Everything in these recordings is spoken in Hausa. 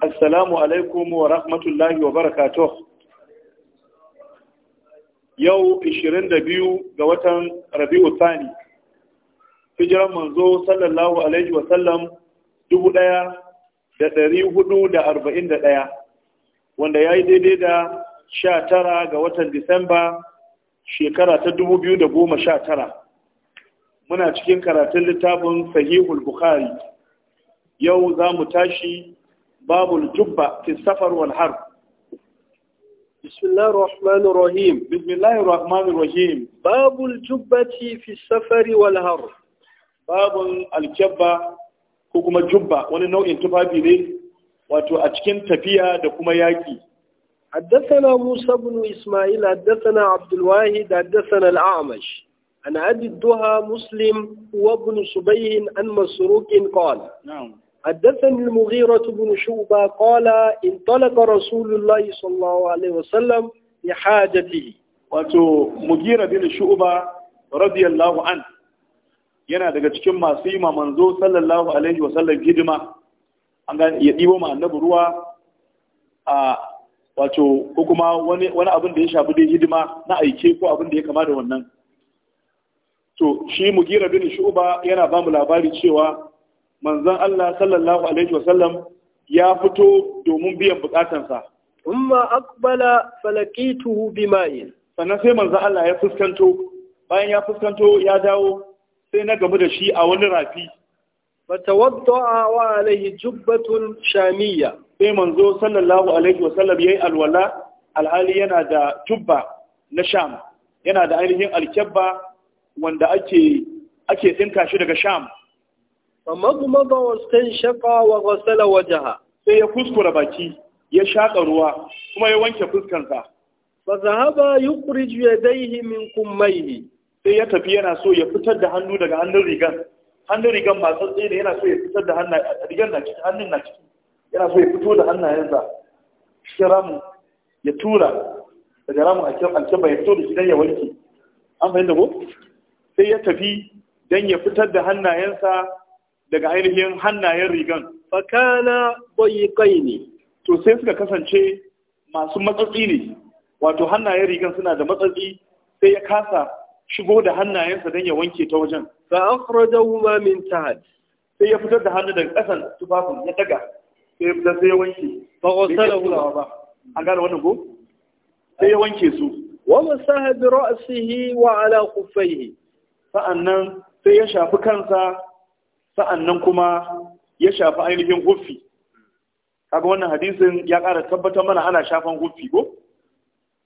assalamu alaikum wa rahmatullahi wa barakatuh yau 22 ga watan rabi'u thani hijiran manzo sallallahu alaihi wa sallam 1441 wanda ya yi daidai da 19 ga watan disamba shekara ta goma 2019 muna cikin karatun littafin sahihul bukhari yau za mu tashi باب الجبة في السفر والحرب بسم الله الرحمن الرحيم بسم الله الرحمن الرحيم باب الجبة في السفر والحرب باب الجبة كما جبة ولنو انتفاقي ليه واتو أتكين cikin tafiya ياكي حدثنا موسى بن إسماعيل حدثنا عبد الواحد حدثنا الأعمش أن أبي مسلم وابن سبيه أن مسروق قال نعم حدثني المغيرة بن شعبة قال انطلق رسول الله صلى الله عليه وسلم لحاجته wato mugira bin shu'ba radiyallahu an yana daga cikin masu yi manzo sallallahu alaihi wasallam hidima an ga ya dibo ma annabi ruwa a wato ko kuma wani wani abin da ya shafi da hidima na aike ko abin da ya kama da wannan to shi mugira bin shu'ba yana ba mu labari cewa manzon Allah sallallahu alaihi wasallam ya fito domin biyan bukatansa umma aqbala falaqituhu bima'in sannan sai manzon Allah ya fuskanto bayan ya fuskanto ya dawo sai na gamu da shi a wani rafi fatawadda'a wa alaihi jubbatun shamiyya sai manzo sallallahu alaihi wasallam yi alwala alhali yana da tubba na sham yana da ainihin alkyabba wanda ake ake tsinka shi daga sham فمضمض واستنشق وغسل وجهه sai ya kuskura baki ya shaƙa ruwa kuma ya wanke fuskansa fa zahaba yukhrij yadayhi min kummayhi sai ya tafi yana so ya fitar da hannu daga hannun rigan hannun rigan matsatsi ne yana so ya fitar da hannun rigan na ciki hannun na ciki yana so ya fito da hannayensa cikin ramu ya tura daga ramun alkyamba ya fito da shi don ya wanke an fahimta ko sai ya tafi don ya fitar da hannayensa daga ainihin hannayen rigan fakana bayyikai ne to sai suka kasance masu matsatsi ne wato hannayen rigan suna da matsatsi sai ya kasa shigo da hannayensa don ya wanke ta wajen fa huma min tahat sai ya fitar da hannu daga ƙasan tufafin ya daga sai ya fitar sai ya wanke fa ghasalahu ba an gane wannan ko sai ya wanke su wa masaha bi ra'sihi wa ala kuffaihi sa'annan sai ya shafi kansa sa'annan kuma ya shafi ainihin hufi kaga wannan hadisin ya ƙara tabbatar mana ana shafan hufi ko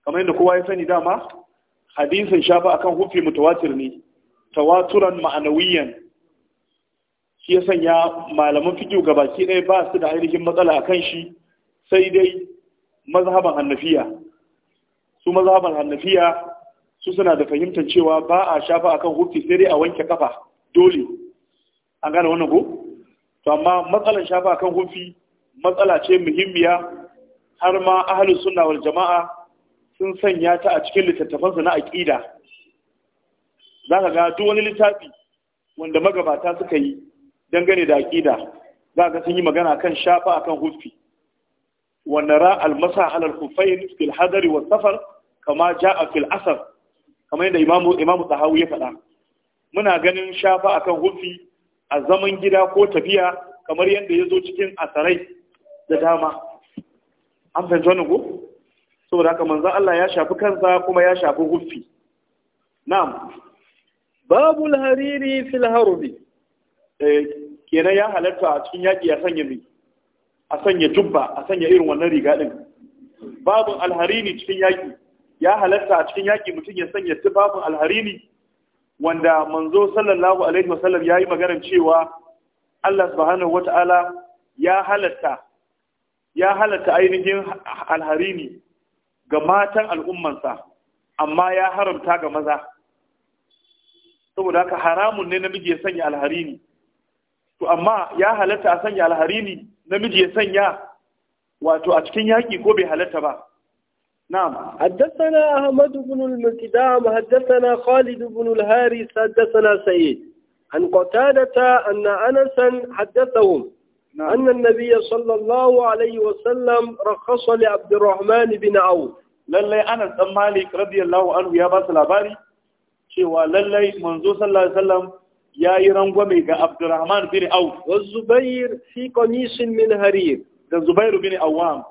kamar yadda kowa ya sani dama hadisin shafa akan hufi mutawatir ne tawaturan ma'anawiyan shi ya sanya malaman ga baki ɗaya ba su da ainihin matsala a kan shi sai dai mazhaban hannafiya su mazhaban hannafiya su suna da fahimtar cewa ba a shafa akan hufi sai dai a wanke kafa dole an gane wannan ko to amma matsalar shafa kan hufi matsala ce muhimmiya har ma ahlus sunna wal jama'a sun sanya ta a cikin littattafansu na aqida za ka ga duk wani littafi wanda magabata suka yi dangane da aqida za ka sun yi magana kan shafa akan hufi wa nara al masa ala al fil hadari wa safar kama jaa fil asar kamar yadda imamu imamu ya faɗa muna ganin shafa akan hufi a zaman gida ko tafiya kamar yadda ya zo cikin asarai da dama an fahimci wannan ko saboda haka manzan Allah ya shafi kansa kuma ya shafi huffi na'am babul hariri fil harbi eh, kenan ya halatta a cikin yaƙi a sanya mai a sanya jubba a sanya irin wannan riga ɗin. Babu alharini cikin yaƙi ya halatta a cikin yaƙi mutum ya sanya tufafin alharini wanda manzo sallallahu alaihi wasallam ya yi maganar cewa Allah subhanahu wata'ala ya halatta ya halatta ainihin alharini ga matan al'ummansa amma ya haramta ga maza saboda haka haramun ne namiji ya sanya alharini to amma ya halatta a sanya alharini namiji ya sanya wato a cikin yaƙi ko bai halatta ba نعم حدثنا أحمد بن المقدام حدثنا خالد بن الهارس حدثنا سعيد عن قتادة أن أنسا حدثهم نعم. أن النبي صلى الله عليه وسلم رخص لعبد الرحمن بن عوف للي أنس بن مالك رضي الله عنه يا باس العباري cewa lallai manzo sallallahu alaihi wasallam yayi rangwame ga Abdurrahman bin Auf wa Zubair fi qamisin min harir da Zubair bin Awwam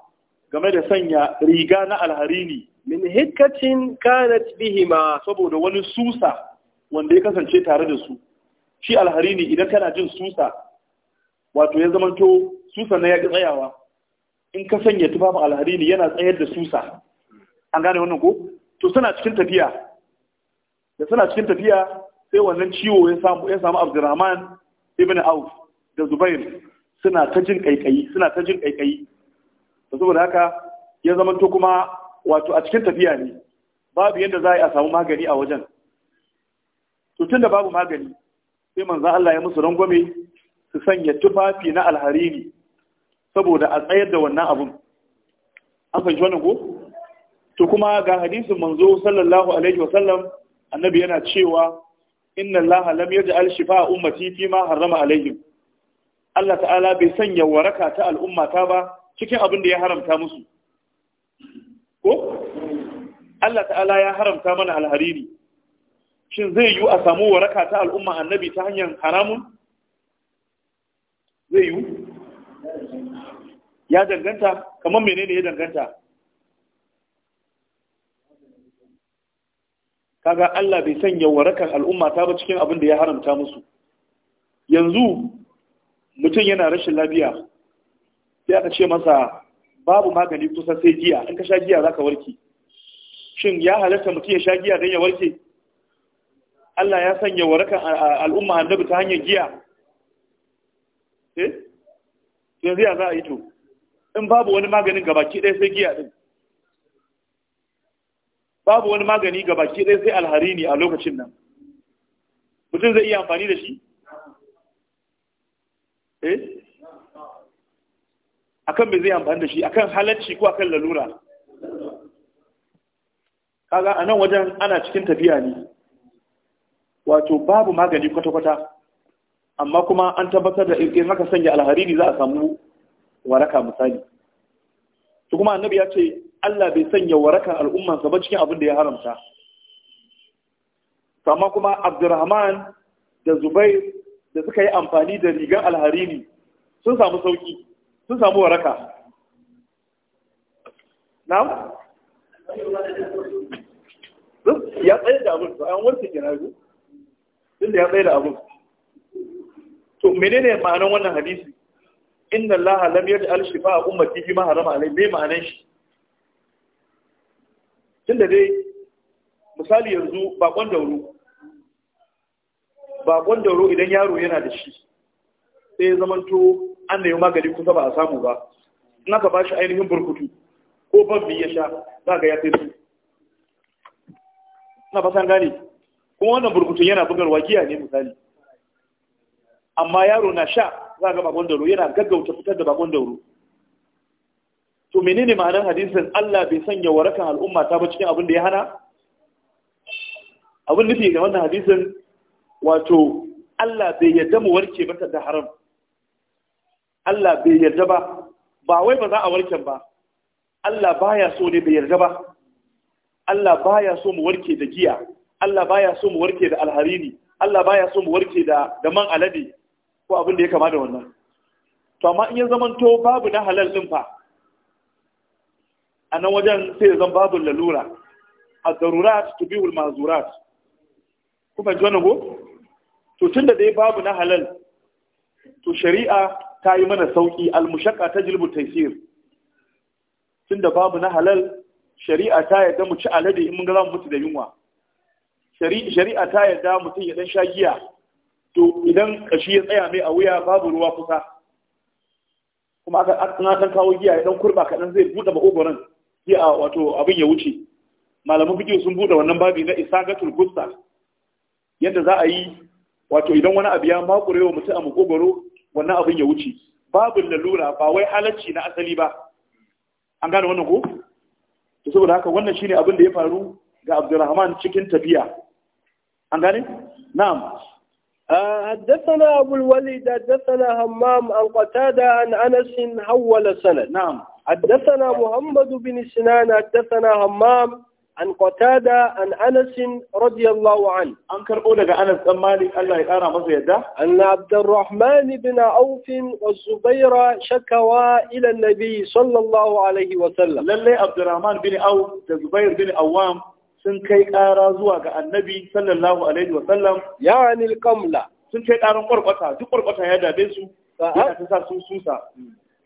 game da sanya riga na alharini min hikkatin kanat bihima saboda wani susa wanda ya kasance tare da su shi alharini idan kana jin susa wato ya zamanto susa na yaƙi tsayawa in ka sanya tufafin alharini yana tsayar da susa an gane wannan ko to suna cikin tafiya da suna cikin tafiya sai wannan ciwo ya samu ya samu Abdurrahman ibn Auf da Zubair suna ta jin kaikayi suna ta jin kaikayi saboda haka ya zama to kuma wato a cikin tafiya ne babu yadda za a yi a samu magani a wajen to tun da babu magani sai manzo Allah ya musu rangwame su sanya tufafi na alharini, saboda a tsayar da wannan abun an fahimci wannan ko to kuma ga hadisin manzo sallallahu alaihi wa sallam annabi yana cewa inna Allah lam yaj'al shifa ummati fi ma harrama alaihim Allah ta'ala bai sanya waraka ta al'ummata ba cikin abin da ya haramta musu ko Allah ta'ala ya haramta mana alhariri shin zai yiwu a samu waraka ta al'umma annabi ta hanyar haramun zai yiwu ya danganta kamar menene ya danganta kaga Allah bai sanya warakan al'umma ta ba cikin abin da ya haramta musu yanzu mutum yana rashin lafiya sai aka ce masa babu magani kusa sai giya in ka sha giya za ka warke shin ya halatta mutum ya sha giya don ya warke Allah ya sanya warakan al'umma annabi ta hanyar giya eh yanzu ya za a yi to in babu wani maganin gabaki ɗaya sai giya ɗin babu wani magani gabaki ɗaya sai alhari ne a lokacin nan mutum zai iya amfani da shi eh akan me zai amfani da shi akan halacci ko akan lalura kaga a nan wajen ana cikin tafiya ne wato babu magani kwata-kwata amma kuma an tabbatar da in haka sanya alhariri za a samu waraka misali to kuma annabi ya ce Allah bai sanya waraka al'ummansa ba cikin abin da ya haramta amma kuma Abdurrahman da Zubair da suka yi amfani da rigar alhariri sun samu sauki sun samu waraka mu? ya tsaye da abin to an warke kenan yanzu tunda ya tsaye da abin to menene ma'anar wannan hadisi inna allaha lam yaj'al a umar fi ma harama alai me ma'anar shi tunda dai misali yanzu bakon dauro bakon dauro idan yaro yana da shi sai ya zamanto an yi magani kusa ba a samu ba na ka ba shi ainihin burkutu ko babbi ya sha za ga ya fi su na san gane kuma wannan burkutun yana bugar giya ne misali amma yaro na sha za ga bakon dauro yana gaggauta fitar da bakon dauro to menene ma'anar hadisin Allah bai sanya warakan al'umma ta ba cikin abin da ya hana abin nufi ga wannan hadisin wato Allah bai yadda mu warke ba da haram Allah bai yarda ba ba wai ba za a warken ba Allah baya so ne bai yarda ba Allah baya so mu warke da giya Allah baya so mu warke da alharini Allah baya so mu warke da man alade ko abin da ya kama da wannan to amma in ya to babu na halal din fa a nan wajen sai ya zan babu lalura ad-darurat tubihul mazurat kuma ji wani go? to da dai babu na halal to shari'a ta yi mana sauki almushaka ta jilbu taisir tunda babu na halal shari'a ta yadda mu ci alade in mun ga zamu mutu da yunwa shari'a ta yadda mutum ya dan sha giya to idan kashi ya tsaya mai a wuya babu ruwa kusa kuma aka an kawo giya ya dan kurba kaɗan zai buɗe makogoron sai wato abin ya wuce malaman fiƙe sun buɗe wannan babi na isagatul gusta yadda za a yi wato idan wani abu ya makurewa wa mutum a makogoro wannan abin ya wuce babu lalura ba wai halarci na asali ba an gane wannan ko to saboda haka wannan ne abin da ya faru ga Abdurrahman cikin tafiya an gane na'am حدثنا أبو الوليد حدثنا همام عن قتادة عن أنس حول سند نعم حدثنا محمد بن سنان حدثنا hammam. an qatada an anas radiyallahu an an karbo daga anas dan malik Allah ya kara masa yadda anna abdurrahman ibn auf wa zubaira shakawa ila nabi sallallahu alaihi wa sallam lalle abdurrahman bin auf da zubair bin awam sun kai kara zuwa ga annabi sallallahu alaihi wa sallam yani alqamla sun kai karan kwarkwata duk kwarkwata ya dabe su ta sa sun susa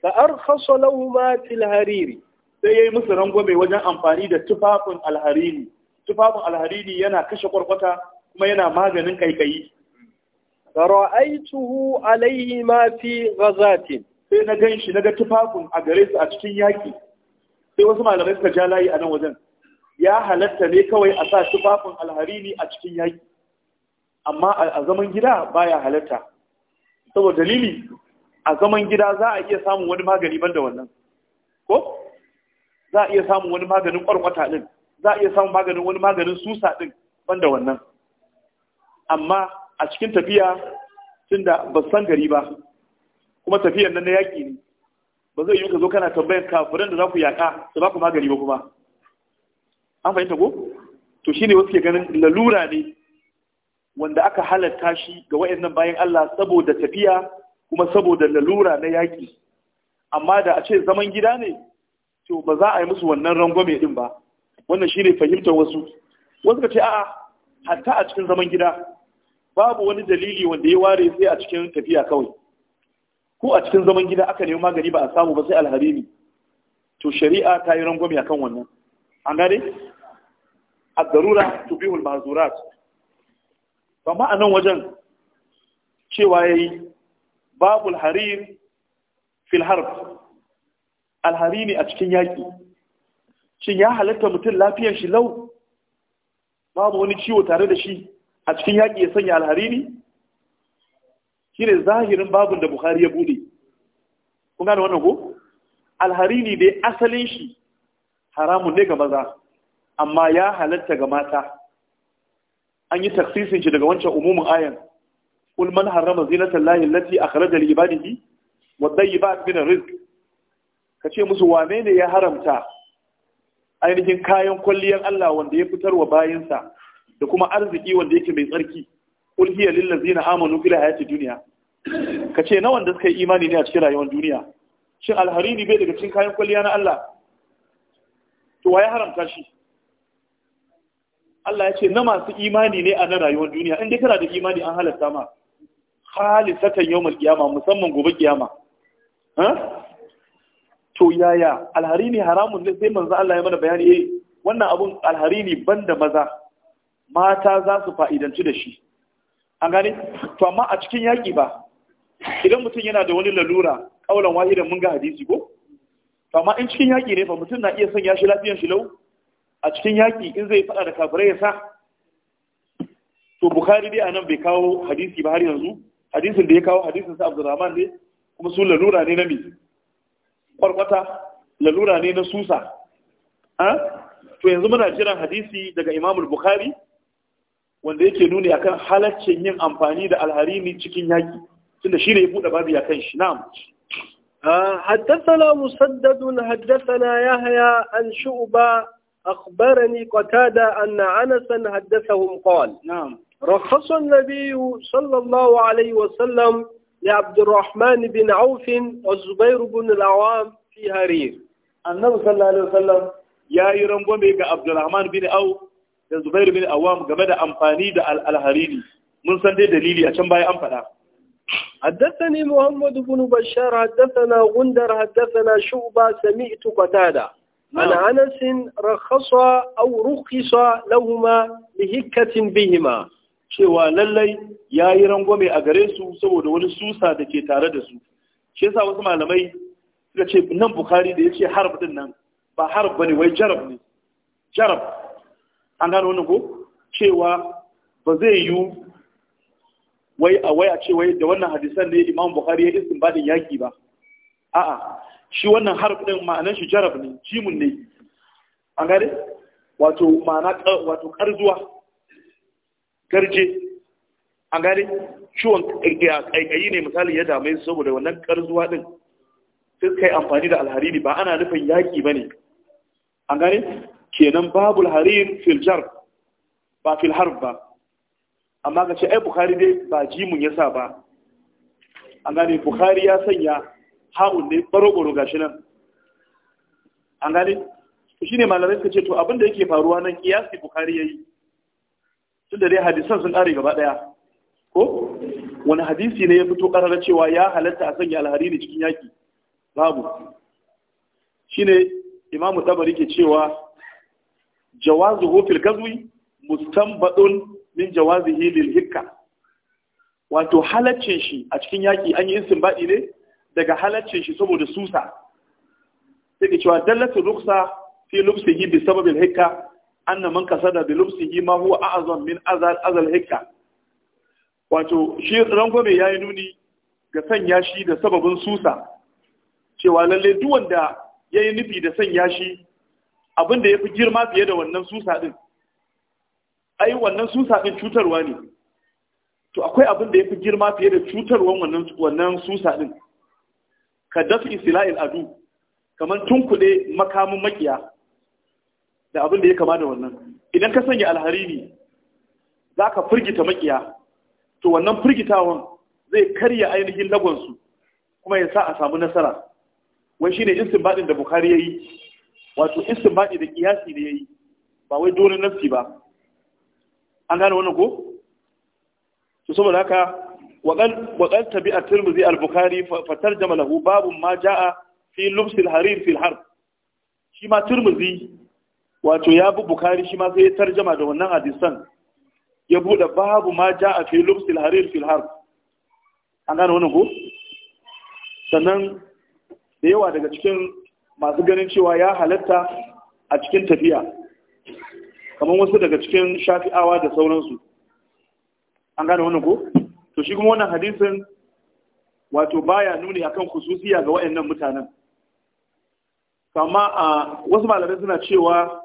fa arkhasa lahum fil hariri sai ya yi musu rangwame wajen amfani da tufafin alharini tufafin alharini yana kashe kwarkwata kuma yana maganin kaikayi ra'aituhu alayhi ma fi ghazatin sai na ganshi naga tufafin a gare su a cikin yaki sai wasu malamai suka ja layi a nan wajen ya halatta ne kawai a sa tufafin alharini a cikin yaki amma a zaman gida baya halatta saboda dalili a zaman gida za a iya samun wani magani ban da wannan ko za a iya samun wani maganin ƙwarƙwata ɗin za a iya samun maganin wani maganin susa ɗin banda wannan amma a cikin tafiya tun da ba san gari ba kuma tafiyar nan na yaƙi ne ba zai yi ka zo kana tambayar kafiran da za ku yaƙa su ba ku magani ba kuma an fahimta ko to shine wasu ke ganin lalura ne wanda aka halatta shi ga wayannan bayan Allah saboda tafiya kuma saboda lalura na yaƙi amma da a ce zaman gida ne to ba za a yi musu wannan rangwame din ba wannan shine fahimtar wasu wasu ka ce a'a hatta a cikin zaman gida babu wani dalili wanda ya ware sai a cikin tafiya kawai ko a cikin zaman gida aka nemi magani ba a samu ba sai alharimi to shari'a ta yi rangwame akan wannan an gane a darura tubihul mazurat ba anan wajen cewa yayi babul harir fil harb ne a cikin yaƙi shin ya halatta mutum lafiyar shi lau babu wani ciwo tare da shi a cikin yaƙi ya sanya ne shi ne zahirin babin da buhari ya bude kun gane wannan ko ne dai asalin shi haramun ne ga maza amma ya halatta ga mata an yi taksisin shi daga wancan umumin ayan kul man harrama zinatan lahi allati akhraja wadda yi ba a min rizk? ka ce musu wane ne ya haramta ainihin kayan kwalliyar Allah wanda ya fitar wa bayansa da kuma arziki wanda yake mai tsarki kul hiya lil ladzina amanu fil hayati duniya. ka ce na wanda suka yi imani ne a cikin rayuwar duniya shin alhariri bai daga cikin kayan kwalliya na Allah to wa ya haramta shi Allah ya ce na masu imani ne a na rayuwar duniya in dai kana da imani an halatta ma khalisatan yawmal qiyama musamman gobe kiyama ha to yaya alharini haramun ne sai manzo Allah ya mana bayani eh wannan abun alharini banda maza mata za su fa'idanci da shi an gane to amma a cikin yaƙi ba idan mutum yana da wani lalura kaulan wahidan mun ga hadisi ko to amma in cikin yaƙi ne fa mutum na iya sanya shi lafiyan shi lau a cikin yaƙi in zai faɗa da kafirai ya sa to bukhari dai anan bai kawo hadisi ba har yanzu hadisin da ya kawo hadisin sa abdurrahman ne kuma su lalura ne na me kwarkwata lalura ne na susa ah? to yanzu muna jiran hadisi daga imamul bukhari wanda yake nuni akan halaccin yin amfani da alharini cikin yaki tunda shi ne ya buɗe babu ya kan shi na'am حدثنا مسدد حدثنا يحيى عن شعبة أخبرني قتادة أن أنسا حدثهم قال نعم رخص النبي صلى الله عليه وسلم لعبد الرحمن بن عوف والزبير بن العوام في هرير النبي صلى الله عليه وسلم يا يرم غومي عبد الرحمن بن عوف da Zubairu bin Awam game da amfani da al mun san dai dalili a can baya an faɗa. Haddathani Muhammad bin Bashar haddathana Gundar na Shu'ba sami'tu Qatada an Anas rakhasa aw rukhisa lahumu bi hikkatin bihima cewa lallai ya yi rangwame a gare su saboda wani susa da ke tare da su shi yasa wasu malamai suka ce nan bukari da ya ce harab din nan ba harab bane wai jarab ne jarab an gano wani ko cewa ba zai yi wai a waya ce wai da wannan hadisan ne imam bukari ya badin yaki ba a'a shi wannan harab din ma'anar shi jarab ne jimun ne an gane wato ma'ana wato karzuwa karje an gane ciwon ƙaiƙayi ne misali ya dame su saboda wannan ƙarzuwa ɗin sai suka yi amfani da alhariri ba ana nufin yaƙi ba ne an gane kenan babu alharir filjar ba filhar ba amma ka ce ai Bukhari dai ba jimun ya sa ba an gane Bukhari ya sanya ha'un ne baro-baro gashi nan an gane shi ne malamai suka ce to abinda yake faruwa nan kiyasi Bukhari ya yi tun da dai hadisan sun ƙare gaba ɗaya ko wani hadisi ne ya fito karara cewa ya halatta a sanya alharini cikin yaƙi babu shine imamu tabari ke cewa jawazu hufil gazwi mustanbadun min jawazi hilil hikka wato halaccin shi a cikin yaƙi an yi istinbadi ne daga halaccin shi saboda susa sai ke cewa dallatu ruksa fi lubsihi bi sababil hikka anna man kasada bi lubsihi ma huwa a'zam min azal azal hikka wato shi rangwame yayi nuni ga sanya shi da sababin susa cewa lalle duk wanda yayi nufi da sanya shi abin da yafi girma fiye da wannan susa din ai wannan susa din cutarwa ne to akwai abin da yafi girma fiye da cutarwan wannan wannan susa din ka dafi sila'il adu kamar tunkuɗe makamin makiya da abin da ya kama da wannan idan ka sanya alharini za ka firgita makiya to wannan firgitawan zai karya ainihin lagonsu kuma ya sa a samu nasara wai shine baɗin da bukhari yi, wato istinbadi da kiyasi da yi, ba wai dole nafsi ba an gane wannan ko to saboda haka a وقال al bukari fatar jama'a babu ma ja'a fi lufsil harir fil har shi ma ترمذي wato ya bu bukari shi ma sai ya tarjama da wannan hadisan ya bude babu ma ja a fi lubsil harir fil har an gane wannan ko sannan da yawa daga cikin masu ganin cewa ya halatta a cikin tafiya kamar wasu daga cikin shafi'awa da sauransu an gane wannan ko to shi kuma wannan hadisin wato baya nuni akan khususiya ga wayannan mutanen kama a wasu malamai suna cewa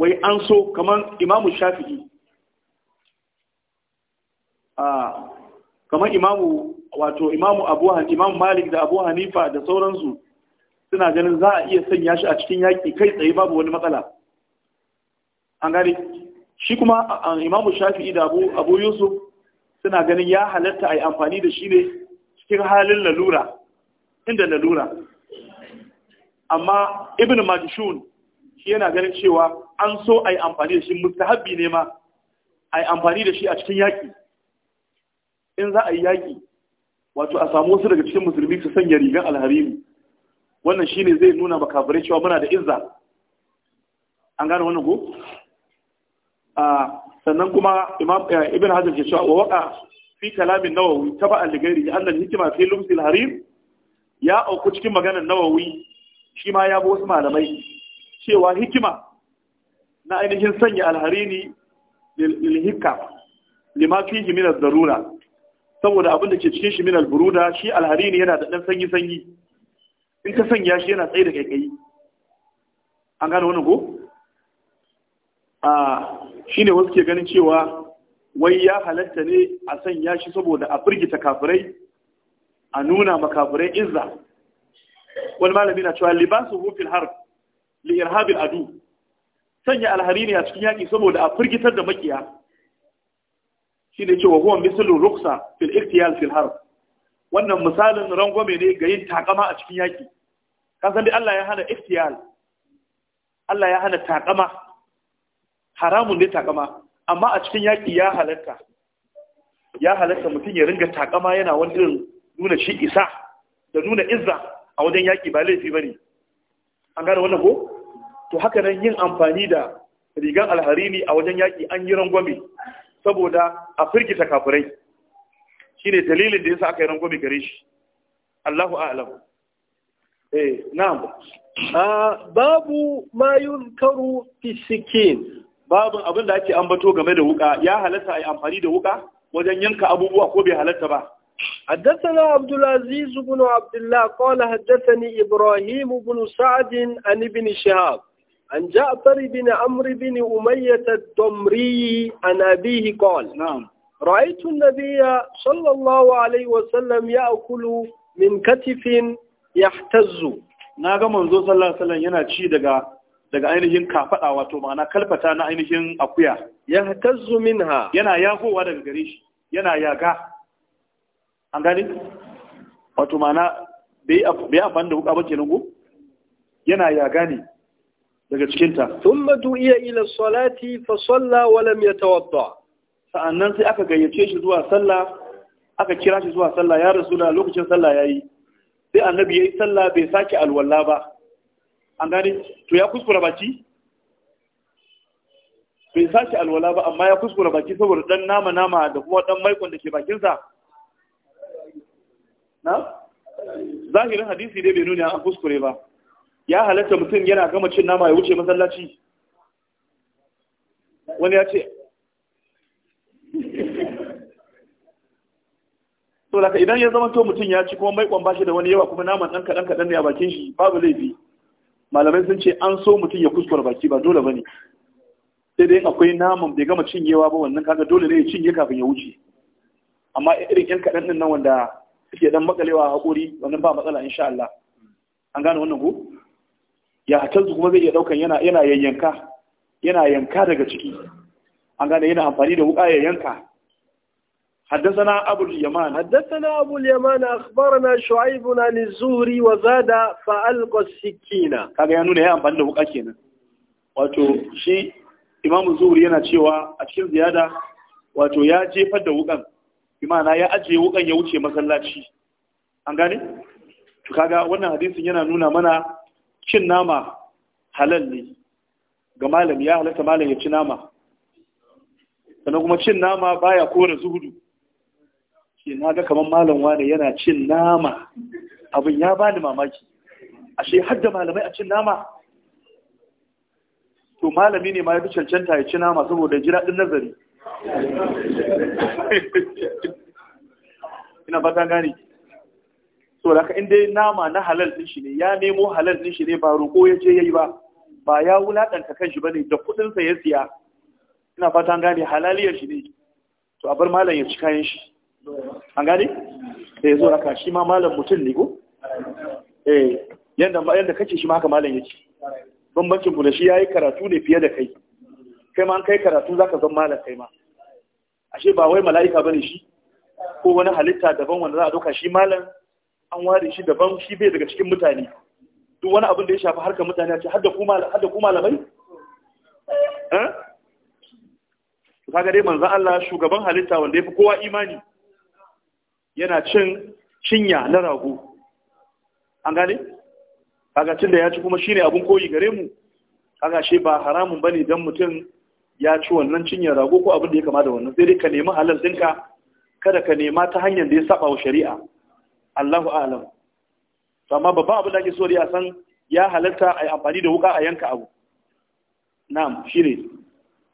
wai an so kamar imamu shafi'i ah, kamar imamu wato imamu abuwa imamu malik da abu hanifa da sauransu suna ganin za a iya sanya shi a cikin yaƙi kai tsaye babu wani matsala an gane shi kuma ah, imamu shafi'i da abu yusuf suna ganin ya halatta a yi amfani da shi ne cikin halin lalura inda lalura amma ibn majishun shi yana ganin cewa an so a yi amfani da shi mustahabbi ne ma a yi amfani da shi a cikin yaƙi in za a yi yaƙi wato a samu wasu daga cikin musulmi su sanya rigar alharimi wannan shi ne zai nuna makabarai cewa muna da izza an gane wannan ko sannan kuma eh, ibn hajar ke cewa wa waka fi kalamin nawawi ta ba al-gairi annal hikima fi lumsil harim ya auku cikin maganar nawawi shi ma ya bi wasu malamai cewa hikima na ainihin sanya alharini lilhika lima fihi min ad saboda abin ke cikin shi minar buruda shi alharini yana da ɗan sanyi sanyi in ka sanya shi yana tsaye da kaikayi an gane wani ko a ne wasu ke ganin cewa wai ya halatta ne a sanya shi saboda a firgita kafirai a nuna makafirai izza wani malami na cewa libasu hufin harf li adu sanya alharini a cikin yaki saboda a firgitar da makiya ne cewa huwa misalin ruksa fil iktiyal fil harb wannan misalin rangwame ne ga yin takama a cikin yaki kan san dai Allah ya hana iktiyal Allah ya hana takama haramun ne takama amma a cikin yaki ya halatta ya halatta mutum ya ringa takama yana wani irin nuna shi isa da nuna izza a wajen yaki ba laifi bane an gane wannan ko to haka nan yin amfani da rigan alharini a wajen yaƙi an yi rangwame saboda a firgita kafirai shine dalilin da ya sa aka yi rangwame gare shi Allahu a'lam eh na'am babu ma yunkaru fi sikin babu abin da ake ambato game da wuka ya halatta ai amfani da wuka wajen yanka abubuwa ko bai halatta ba حدثنا عبد العزيز بن عبد الله قال حدثني إبراهيم بن سعد عن ابن شهاب عن جعفر بن عمرو بن أمية الدمري عن أبيه قال نعم رأيت النبي صلى الله عليه وسلم يأكل من كتف يحتز naga manzo sallallahu alaihi wasallam yana ci daga daga ainihin kafada wato ma'ana kalfata na ainihin akuya yahtazzu minha yana yagowa daga gare shi yana yaga an gani wato ma'ana bai bai wuka ba kenan daga cikinta thumma iya ila salati fa salla wa lam yatawadda sa'annan sai aka gayyace shi zuwa sallah aka kira shi zuwa sallah ya rasula lokacin sallah yayi sai annabi yayi sallah bai sake alwala ba an gani, to ya kuskura baki bai sake alwala ba amma ya kuskura baki saboda dan nama nama da kuma dan maikon da ke bakinsa na zahirin hadisi dai bai nuna an kuskure ba ya halatta mutum yana gama cin nama ya wuce masallaci wani ya ce so da idan ya zama to mutum ya ci kuma kwan bashi da wani yawa kuma naman ɗan kaɗan kaɗan ne a bakin shi babu laifi malamai sun ce an so mutum ya kuskura baki ba dole ba ne sai dai akwai naman bai gama cinyewa ba wannan kaga dole ne ya cinye kafin ya wuce amma irin yan kaɗan ɗin nan wanda suke dan makalewa a haƙuri wannan ba matsala insha Allah an gane wannan ko ya hatanzu kuma zai iya daukan yana yana yayyanka yana yanka daga ciki an gane yana amfani da wuka ya yanka حدثنا أبو اليمان حدثنا أبو اليمان أخبرنا شعيب Kaga ya وزاد فألقى السكينة كان ينون kenan. Wato shi أكينا واتو شي إمام الزهري cikin تشيوا wato زيادة واتو يا جيفة Imana ya يا أجي ya يوشي masallaci. an gane? to kaga wannan hadisin yana nuna mana cin nama halal ne ga malami ya halatta malam ya ci nama sannan kuma cin nama baya kore zuhudu ke na ga kamar malam wane yana cin nama abin ya bani mamaki ashe shi da malamai a cin nama to malami ne ma ya fi cancanta ya ci nama saboda ji daɗin nazari ina ba ta gane so da in dai nama na halal din shi ne ya nemo halal din shi ne ba roƙo ya ce yayi ba ba ya wulaɗanta ba bane da kuɗin sa ya siya ina fata an gane halaliyar shi ne to a bar malam ya ci kayan shi an gane eh zo haka shi ma malam mutum ne ko eh yanda yanda kace shi ma haka malam yake bambancin ku da shi yayi karatu ne fiye da kai kai ma an kai karatu zaka zama malam kai ma ashe ba wai mala'ika bane shi ko wani halitta daban wanda za a doka shi malam an ware shi daban shi bai daga cikin mutane duk wani abin da ya shafi harkar mutane a ce kuma ku malamai eh? ga dai manzan Allah shugaban halitta wanda ya fi kowa imani yana cin cinya na rago an gane? kaga cin da ya ci kuma shine abin koyi gare mu kaga shi ba haramun bane dan mutum ya ci wannan cinya rago ko abin da ya kama da wannan sai dai ka nemi halal dinka kada ka nema ta hanyar da ya saba wa shari'a Allahu alam to amma babban abin da ake so ya san ya halatta a yi amfani da wuka a yanka abu na'am shine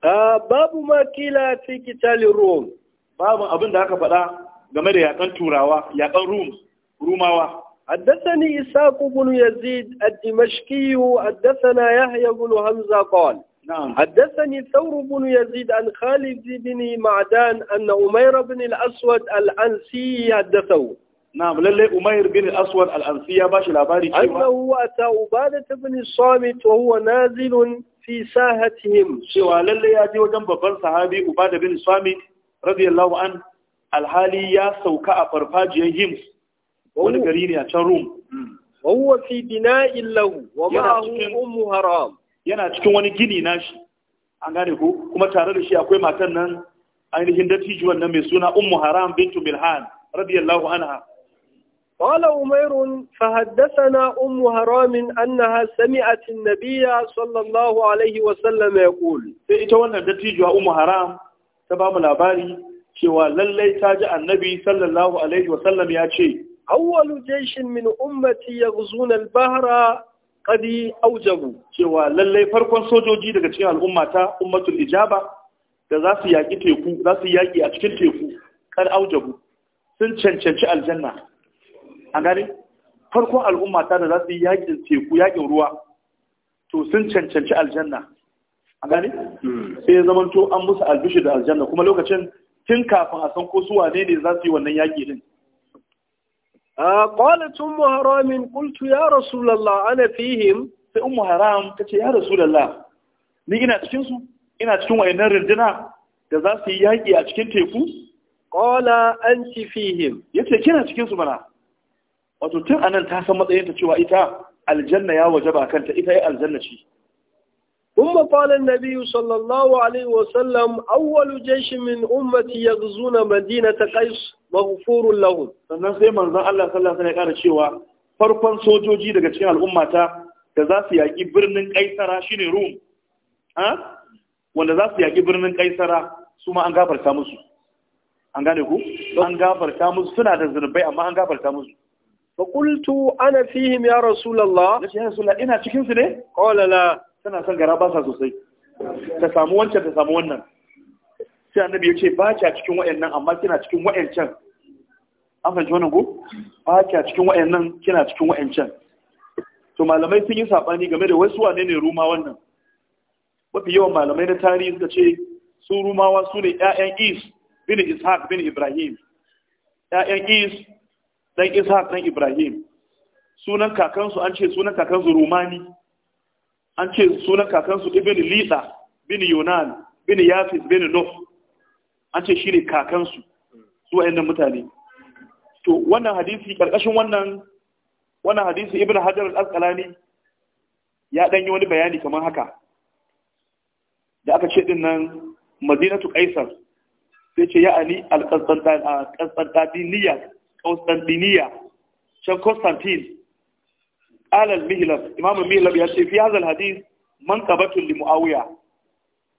babu makila fi kitalin rom babu abin da aka faɗa game da yakan turawa yakan rum rumawa حدثني إساق بن يزيد الدمشقي حدثنا يحيى بن همزة قال نعم. حدثني ثور بن يزيد عن خالد بن معدان أن أمير بن الأسود الأنسي حدثه نعم للي أمير بن الأسود الأنسية باش wa أنه أتى عبادة بن الصامت وهو نازل في ساهتهم سوى للي يأتي وجنب بل صحابي عبادة بن الصامت رضي an. Alhali ya sauka a farfajiyar همس wani gari ne a can Rum. Wawa fi bina'in lahu wa ma'ahu ummu haram. Yana cikin wani gini nashi. An gane ko kuma tare da shi akwai matan nan ainihin dattijuwan nan mai suna ummu haram bintu Milhan radiyallahu anha. قال أمير فحدثنا أم هرام أنها سمعت النبي صلى الله عليه وسلم يقول إيتا وانا دتيجوا أم هرام تبام الأباري شوى للي تاجع النبي صلى الله عليه وسلم يأتي أول جيش من أمتي يغزون البحر قد أوجبوا شوى للي فرقا سوجوجي دكتيا الأمة أمة الإجابة da za su yaƙi teku za su yaƙi a cikin teku kan aujabu sun cancanci aljanna a gane farkon al'umma ta da za su yi yakin teku yakin ruwa to sun cancanci aljanna a gane hmm. sai ya zamanto an musu albishi da aljanna kuma lokacin tun kafin a san ko su wane ne za su yi wannan yaki din قالت أم هرام قلت ya رسول ana أنا sai ummu haram ta ce ya lalla. ni ina cikin su ina cikin wayannan rinduna da za su yi yaƙi a cikin teku qala anti fihim yace kina cikin su mana wato tun anan ta san matsayinta cewa ita aljanna ya wajaba kanta ita ya aljanna ce ثم قال النبي صلى الله عليه وسلم أول جيش من أمتي يغزون مدينة قيس مغفور لهم sannan sai manzon Allah sallallahu alaihi wasallam ya ƙara cewa farkon sojoji daga cikin al'ummata da za su yaƙi birnin Kaisara shine Rum ha wanda za su yaƙi birnin Kaisara su ma an gafarta musu an gane ku an gafarta musu suna da zunubai amma an gafarta musu انا فيهم يا رسول الله يا رسول الله ina cikin su ne qala la tana son gara ba sa sosai ta samu wancan ta samu wannan sai annabi ya ce ba kya cikin wayannan amma kina cikin wayancan an fahimci wannan ko ba kya cikin wayannan kina cikin wayancan to malamai sun yi sabani game da wasu wane ne ruma wannan mafi yawan malamai na tarihi suka ce su rumawa su ne 'ya'yan is bin ishaq bin ibrahim 'ya'yan is dan isa dan ibrahim sunan kakansu an ce sunan kakansu rumani an ce sunan kakansu ibn lisa bin yunan bin yafis bin nuh an ce shine kakansu su wayannan mutane to wannan hadisi karkashin wannan wannan hadisi ibn hajar al-asqalani ya dan yi wani bayani kamar haka da aka ce din nan madinatu qaisar sai ce ya ya'ani al-qasdantaniya Constantiniya can Constantine alal mihlab imamu mihlab ya ce fi hazal hadis manqabatun li muawiya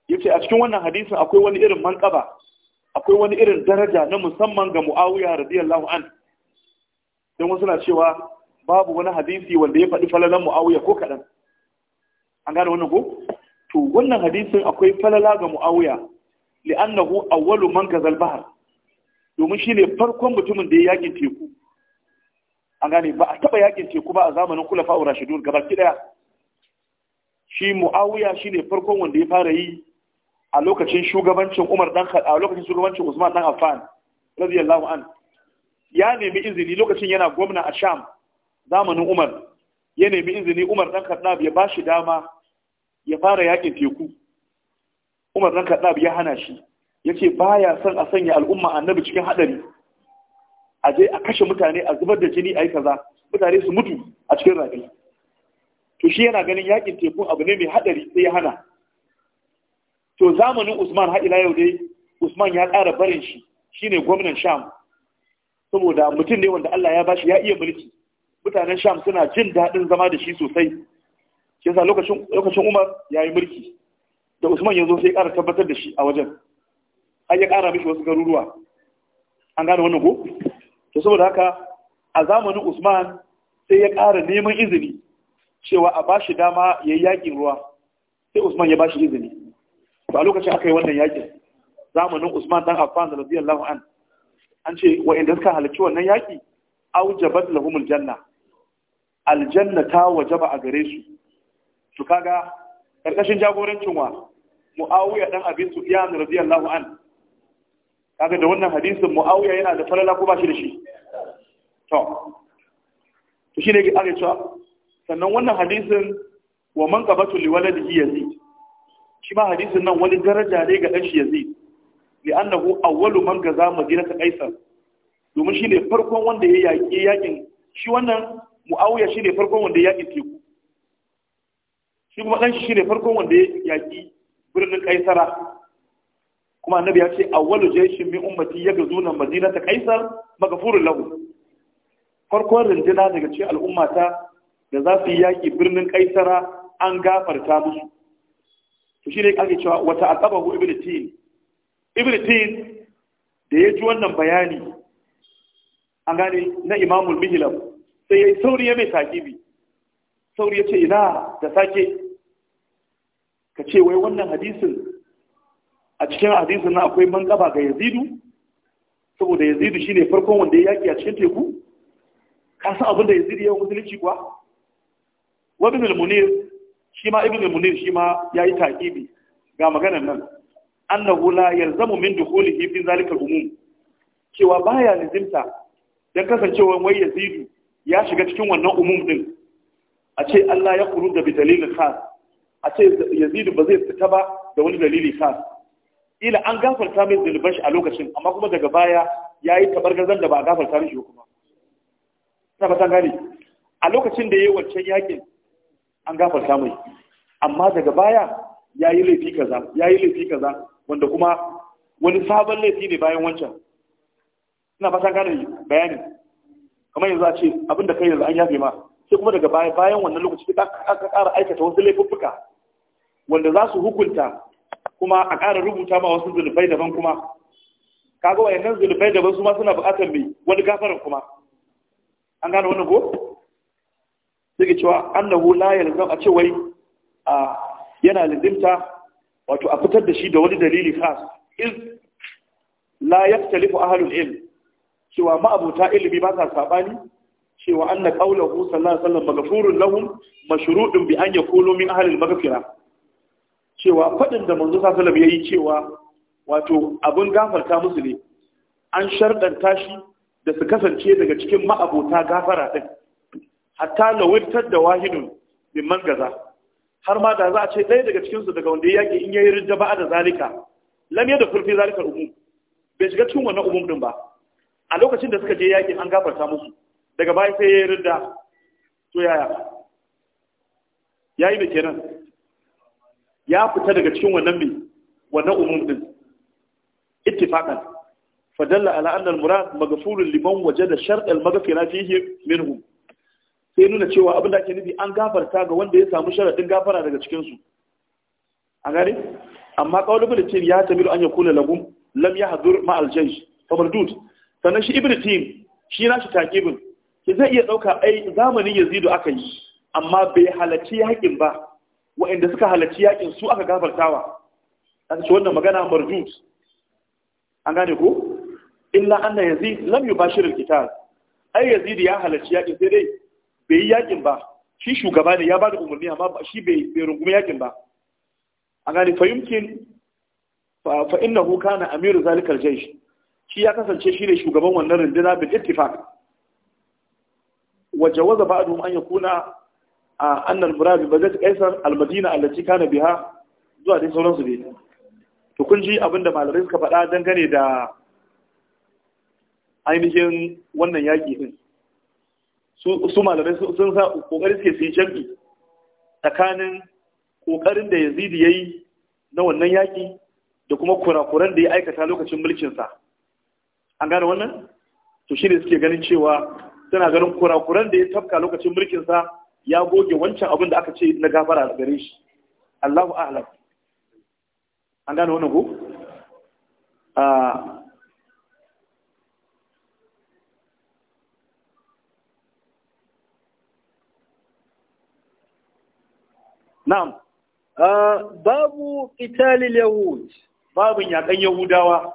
yace a cikin wannan hadisin akwai wani irin manqaba akwai wani irin daraja na musamman ga muawiya radiyallahu an don wasu na cewa babu wani hadisi wanda ya faɗi falalan muawiya ko kaɗan an gane wannan ko to wannan hadisin akwai falala ga muawiya li'annahu awwalu man gazal bahar domin shi ne farkon mutumin da ya yakin teku A gane ba a taɓa yakin teku ba a zamanin kulafa a rashidun gaba ki ɗaya shi mu'awuya shi ne farkon wanda ya fara yi a lokacin shugabancin umar dan a lokacin shugabancin usman dan affan radiyallahu an ya nemi izini lokacin yana gwamna a sham zamanin umar ya nemi izini umar dan khattab ya shi dama ya fara yakin teku umar dan khattab ya hana shi yace baya son a sanya al'umma annabi cikin hadari a je a kashe mutane a zubar da jini a yi kaza mutane su mutu a cikin rabi to shi yana ganin yakin tekun abu ne mai hadari sai ya hana to zamanin usman har ila yau dai usman ya ƙara barin shi shine gwamnan sham saboda mutum ne wanda Allah ya bashi ya iya mulki mutanen sham suna jin daɗin zama da shi sosai shi yasa lokacin umar ya yi mulki da usman ya zo sai ƙara tabbatar da shi a wajen har ya ƙara mishi wasu garuruwa an gane wannan ko to saboda haka a zamanin usman sai ya ƙara neman izini cewa a bashi dama ya yi yaƙin ruwa sai usman ya bashi izini to a lokacin aka yi wannan yaƙin zamanin usman dan affan radiyallahu an an ce wa inda suka halarci wannan yaƙi aujabat lahumul janna aljanna ta wajaba a gare su to kaga karkashin jagorancin wa muawiya dan abin sufyan radiyallahu an kaga da wannan hadisin mu'awiya yana da falala ko ba shi da shi to to shi ne ake cewa sannan wannan hadisin wa man qabatu li waladihi yazid shi ma hadisin nan wani daraja ne ga dan shi yazid li annahu awwalu man gaza madinata qaisar domin shi ne farkon wanda ya yaki yaƙin shi wannan mu'awiya shi ne farkon wanda ya yaki teku shi kuma dan shi ne farkon wanda ya yaƙi birnin kaisara kuma annabi ya ce awwalu jayshin min ummati mazina ta Kaisar, magafurin lahu farkon rinjina daga cikin al'ummata da za su yi yaƙi birnin kaisara an gafarta musu to shine ake cewa wata aqabahu ibnu tin ibnu tin da ya ji wannan bayani an gane na imamul mihlam sai ya sauri ya mai takibi sauri ya ce ina da sake ka ce wai wannan hadisin a cikin hadisin nan akwai ban kafa ga yazidu saboda yazidu shine farkon wanda ya yaki a cikin teku ka san abin da yazidu ya musulunci kuwa wa ibn al-munir shi ma ibn al-munir shi ma yayi takibi ga maganar nan annahu la yalzamu min dukhulihi fi zalika al-umum cewa baya lazimta dan kasancewa wai yazidu ya shiga cikin wannan umum din a ce Allah ya kuru da bi dalilin khas a ce yazidu ba zai fita ba da wani dalili khas ila an gafarta mai zunuban shi a lokacin amma kuma daga baya ya yi tabargazan da ba a gafarta mishi kuma na fatan gane a lokacin da ya yi wancan yakin an gafarta mai amma daga baya ya yi laifi kaza ya yi laifi kaza wanda kuma wani sabon laifi ne bayan wancan ina fatan gane bayani. kamar yanzu a ce abinda kai yanzu an yafe ma sai kuma daga baya bayan wannan lokaci ka ƙara aikata wasu laifuffuka wanda za su hukunta kuma a ƙara rubuta ma wasu zunubai daban kuma kaga wayannan zunubai daban su ma suna buƙatar mai wani gafaran kuma an gane wannan ko suke cewa annahu la yalzam a ce wai a yana lazimta wato a fitar da shi da wani dalili khas iz la yaftalifu ahlul ilm cewa ma'abuta ilimi ba sa sabani cewa anna qawluhu sallallahu alaihi wasallam maghfurun lahum mashrudun bi an yakunu min ahlil maghfirah cewa faɗin da manzo sallallahu ya yi cewa wato abin gafarta musu ne an sharɗanta shi da su kasance daga cikin ma'abota gafara ɗin hatta lawirtar da wahidun min mangaza har ma da za a ce ɗaya daga cikinsu daga wanda ya yaƙi in yayi rinja ba'a da zalika lam da furfi zalika umum bai shiga cikin wannan umum din ba a lokacin da suka je yaƙin an gafarta musu daga baya sai yayi rinda to yaya yayi da kenan ya fita daga cikin wannan mai wannan umum din ittifaqan fadalla ala anna al-murad maghfurun liman wajada shart al-maghfira fihi minhu sai nuna cewa abin da ake nufi an gafarta ga wanda ya samu sharadin gafara daga cikin su a gare amma qawlu bil tin ya tabiru an yakuna lahum lam yahdhur ma al-jaysh mardud sannan shi ibnu tin shi nashi takibin ki zai iya dauka ai zamanin yazidu aka yi amma bai halarci yakin ba waɗanda suka halarci yakin su aka wa? an ce wannan magana marjus an gane ko illa anna yazid lam yubashir al-qital ai yazid ya halarci yakin sai dai bai yi yakin ba shi shugaba ne ya ba da umarni amma shi bai rungume yakin ba an gane fa yumkin fa innahu kana amiru zalikal jaysh shi ya kasance shi ne shugaban wannan rundunar bil ittifaq wajawaza ba'dhum an yakuna A murad bi bazat qaisar al Almadina allati kana biha zuwa dai sauransu dai to kun ji abinda malamai suka faɗa dangane da ainihin wannan yaƙi din su malamai sun sa kokari suke su yi jam'i tsakanin kokarin da yazidi ya yi na wannan yaƙi da kuma kurakuran da ya aikata lokacin mulkinsa an gane wannan to shi ne suke ganin cewa suna ganin kurakuran da ya tafka lokacin mulkinsa ya goge wancan abin da aka ce na gafara a gare shi Allahu a'lam an gane wannan ko ah. Na'am ah, babu qitalil yahud babin yakan yahudawa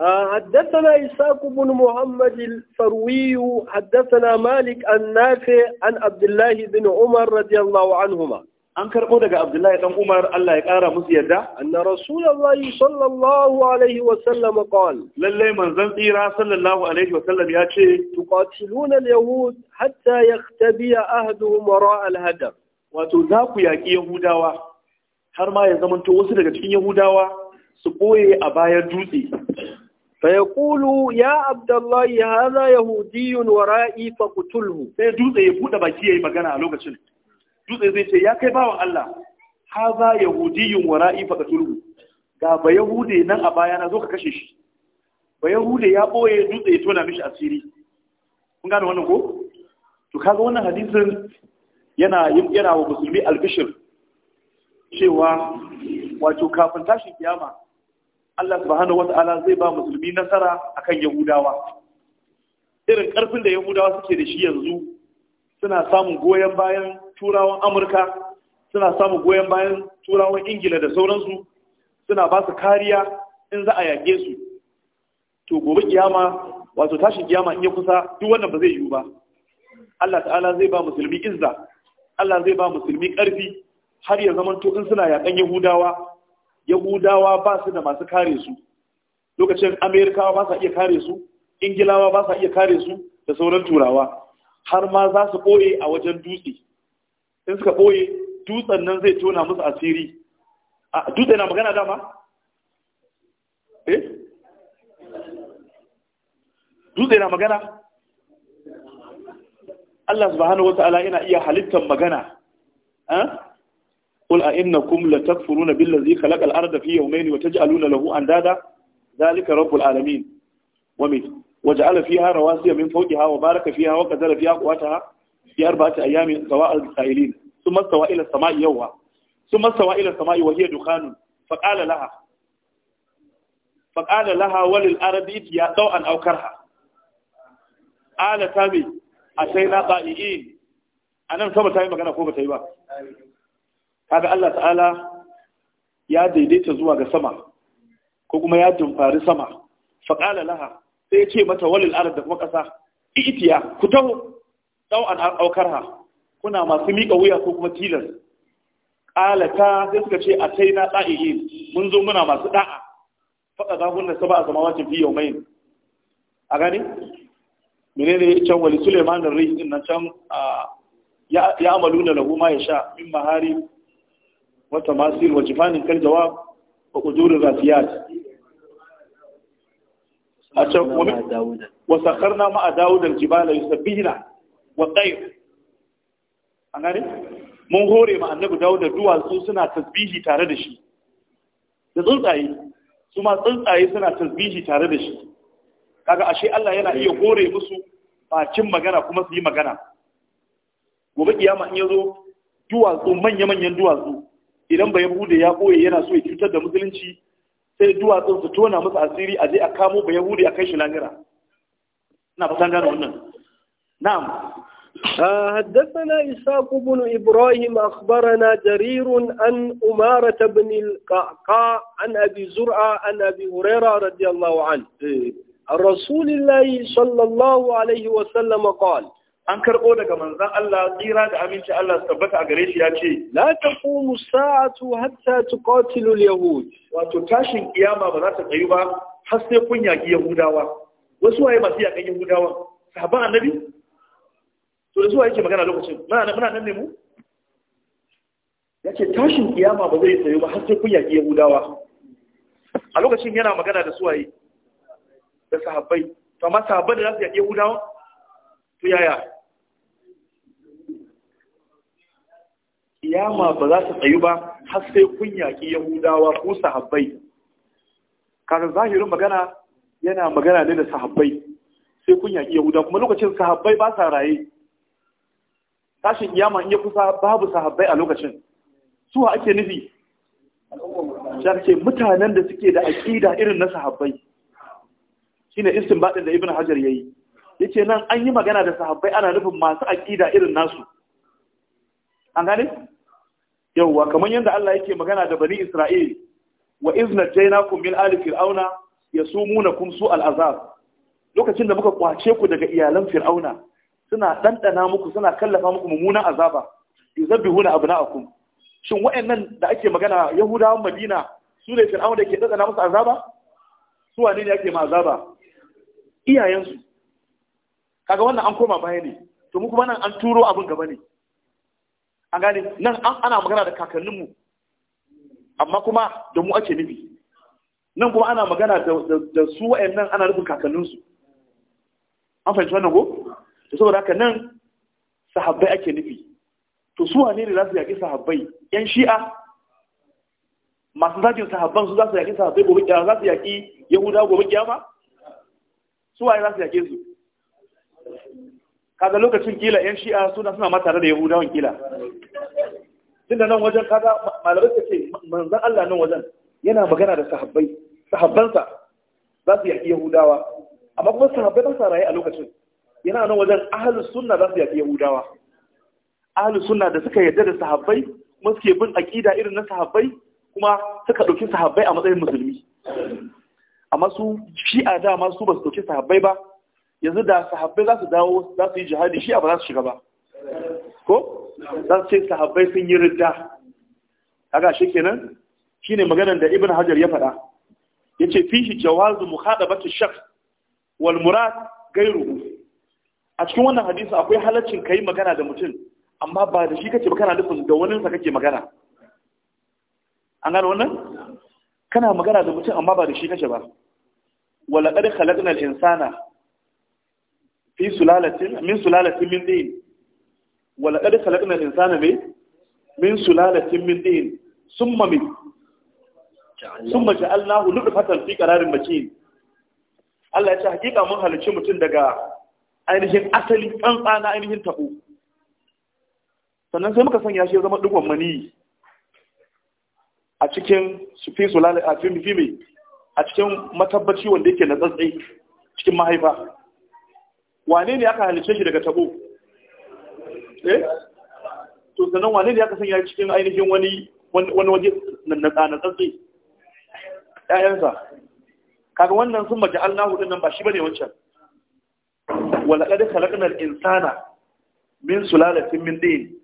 حدثنا إساق بن محمد الفروي حدثنا مالك النافع عن عبد الله بن عمر رضي الله عنهما an karɓo daga Abdullahi ɗan Umar Allah ya ƙara musu yadda? Anna Rasulullahi sallallahu alaihi wa sallam qal. Lalle manzon tsira sallallahu alaihi wa sallam ya ce, Tuqatiluna al-yahud hatta yaqtabiya ahduhum wara al-hadar. Wato za ku yaƙi Yahudawa har ma ya zamanto wasu daga cikin Yahudawa su ɓoye a bayan dutse. فيقول يا عبد الله هذا يهودي ورائي فقتله sai dutse ya bude baki yayi magana a lokacin dutse zai ce ya kai bawan Allah haza Yahudiyun wara'i faqatulhu ga ba yahude nan a baya na zo ka kashe shi ba yahude ya boye dutse ya tona mishi asiri kun gane wannan ko to kaga wannan hadisin yana yana wa musulmi albishir cewa wato kafin tashi kiyama Allah subhanahu wata'ala zai ba musulmi nasara akan yahudawa irin karfin da yahudawa suke da shi yanzu suna samun goyon bayan turawan amurka suna samun goyon bayan turawan ingila da sauransu suna ba su kariya in za a yage su to gobe kiyama wato tashin kiyama in ya kusa duk wannan ba zai yiwu ba Allah ta'ala zai ba musulmi izza Allah zai ba musulmi ƙarfi har ya zama in suna yaƙan Yahudawa yahudawa ba su da masu kare su lokacin amerikawa ba sa iya kare su ingilawa ba sa iya kare su da sauran turawa har ma za su ɓoye a wajen dutse in suka ɓoye dutsen nan zai tona musu asiri a dutse na magana dama? eh? dutse na magana? Allah subhanahu wa ta'ala yana iya halittar magana eh? قل أئنكم لتكفرون بالذي خلق الأرض في يومين وتجعلون له أندادا ذلك رب العالمين ومن وجعل فيها رواسي من فوقها وبارك فيها وقدر فيها قواتها في أربعة أيام سواء السائلين ثم استوى إلى السماء يوها ثم استوى إلى السماء وهي دخان فقال لها فقال لها وللأرض يا ضوءا أو كرها قال تابي أتينا طائعين أنا مسمى تابي مكانا فوق تابي kaga Allah ta'ala ya daidaita zuwa ga sama ko kuma ya dumfari sama faƙala laha sai ya ce mata walil arad da kuma ƙasa itiya ku taho tau an ha. kuna masu miƙa wuya ko kuma tilas ƙalata sai suka ce a sai na tsa'i'i mun zo muna masu ɗa'a. faɗa za hunna saba a samawacin fi yau a gani menene can wali suleiman rai din nan can ya amalu na lahu ma ya sha min mahari wata masil wace jifanin kan jawab a kudurin rafiyat a can kuma wa sakarna ma a dawudar jibala yusabbihina wa tsayir A gane mun hore ma annabi dawudar duwatsu suna tasbihi tare da shi da tsuntsaye su ma tsuntsaye suna tasbihi tare da shi kaga ashe Allah yana iya hore musu bacin magana kuma su yi magana gobe kiyama in yazo duwatsu manya-manyan duwatsu idan bai hude ya ɓoye yana so ya cutar da musulunci sai duwatsun su tona musu asiri a je a kamo bai hude a kai shi lahira ina fatan gane wannan na'am حدثنا إساق بن إبراهيم أخبرنا جرير عن أمارة بن القعقاع عن أبي زرعة عن أبي هريرة رضي الله عنه عن الله صلى الله عليه وسلم قال an karɓo daga manzan Allah tsira da aminci Allah su tabbata a gare shi ya ce la taqumu sa'atu hatta tuqatilu al-yahud wato tashin kiyama ba za ta tsayu ba har sai kun yaki yahudawa wasu waye masu yakan yahudawa sahaban annabi to da waye yake magana lokacin muna nan muna nan ne mu yace tashin kiyama ba zai tsayu ba har sai kun yaki yahudawa a lokacin yana magana da suwaye da sahabbai to amma sahabban da za su yaki yahudawa to yaya kiyama ba za ta tsayu ba har sai kun yaƙi yahudawa ko sahabbai kaga zahirin magana yana magana ne da sahabbai sai kun yaƙi yahudawa kuma lokacin sahabbai ba sa raye tashin iyama in ya kusa babu sahabbai a lokacin suwa ake nufi shi mutanen da suke da aƙida irin na sahabbai Shi ne istin baɗin da ibn hajar ya yi. ce nan an yi magana da sahabbai ana nufin masu aqida irin nasu an gane yawwa kamar yadda Allah yake magana da bani Isra'il wa izna jainakum min ali fir'auna yasumunakum su al'azab lokacin da muka kwace ku daga iyalan fir'auna suna dandana muku suna kallafa muku mummunan azaba na abna'akum shin wayannan da ake magana yahudawan madina su ne fir'auna da ke dandana musu azaba su wane ne ake ma azaba iyayensu kaga wannan an koma baya ne to mu kuma nan an turo abin gaba ne an gane nan ana magana da kakanninmu amma kuma da mu ake nufi nan kuma ana magana da su nan ana nufin kakanninsu an fahimci wannan ko to saboda haka nan sahabbai ake nufi to su wane ne za su yaƙi sahabbai yan shi'a masu zajin sahabban su za su yaƙi sahabbai gobe kiyama za su yaƙi yahudawa gobe kiyama su waye za su yaƙe su kaga lokacin kila yan shi'a suna suna ma tare da yahudawan kila tunda nan wajen kaga malamai ta ce manzon Allah nan wajen yana magana da sahabbai sahabbansa za su yaki yahudawa amma kuma sahabbai ba sa raye a lokacin yana nan wajen ahlus sunna za su yaki yahudawa ahlus sunna da suka yarda da sahabbai kuma suke bin aqida irin na sahabbai kuma suka dauki sahabbai a matsayin musulmi amma su shi'a dama su ba su dauki sahabbai ba yanzu da sahabbai za su dawo za su yi jihadi shi abu za su shiga ba ko za su ce sahabbai sun yi ridda ga shi kenan ne maganar da ibn hajar ya faɗa yace fihi jawazu mukhadabati shakhs wal murad gairu a cikin wannan hadisi akwai halaccin yi magana da mutum amma ba da shi kace ba kana nufin da wani sa kake magana an gano wannan kana magana da mutum amma ba da shi kace ba wala qad khalaqna al insana في sulalatin min sulalatin من دين wala qad khalaqna al-insana bi min sulalatin min din summa min summa ja'alnahu nutfatan fi qararin makin Allah ya ce hakika mun halicci mutum daga ainihin asali kan tsana ainihin tabo sannan sai muka sanya shi zama dukwan mani a cikin fi sulalatin fi mai a cikin matabbaci wanda yake na tsatsai cikin mahaifa wane ne aka halice shi daga tabo eh to sannan wane ne aka sanya cikin ainihin wani wani waje na tsatsi ƴaƴansa kaga wannan sun maji Allah din nan ba shi bane wancan wala qad khalaqna al-insana min sulalatin min din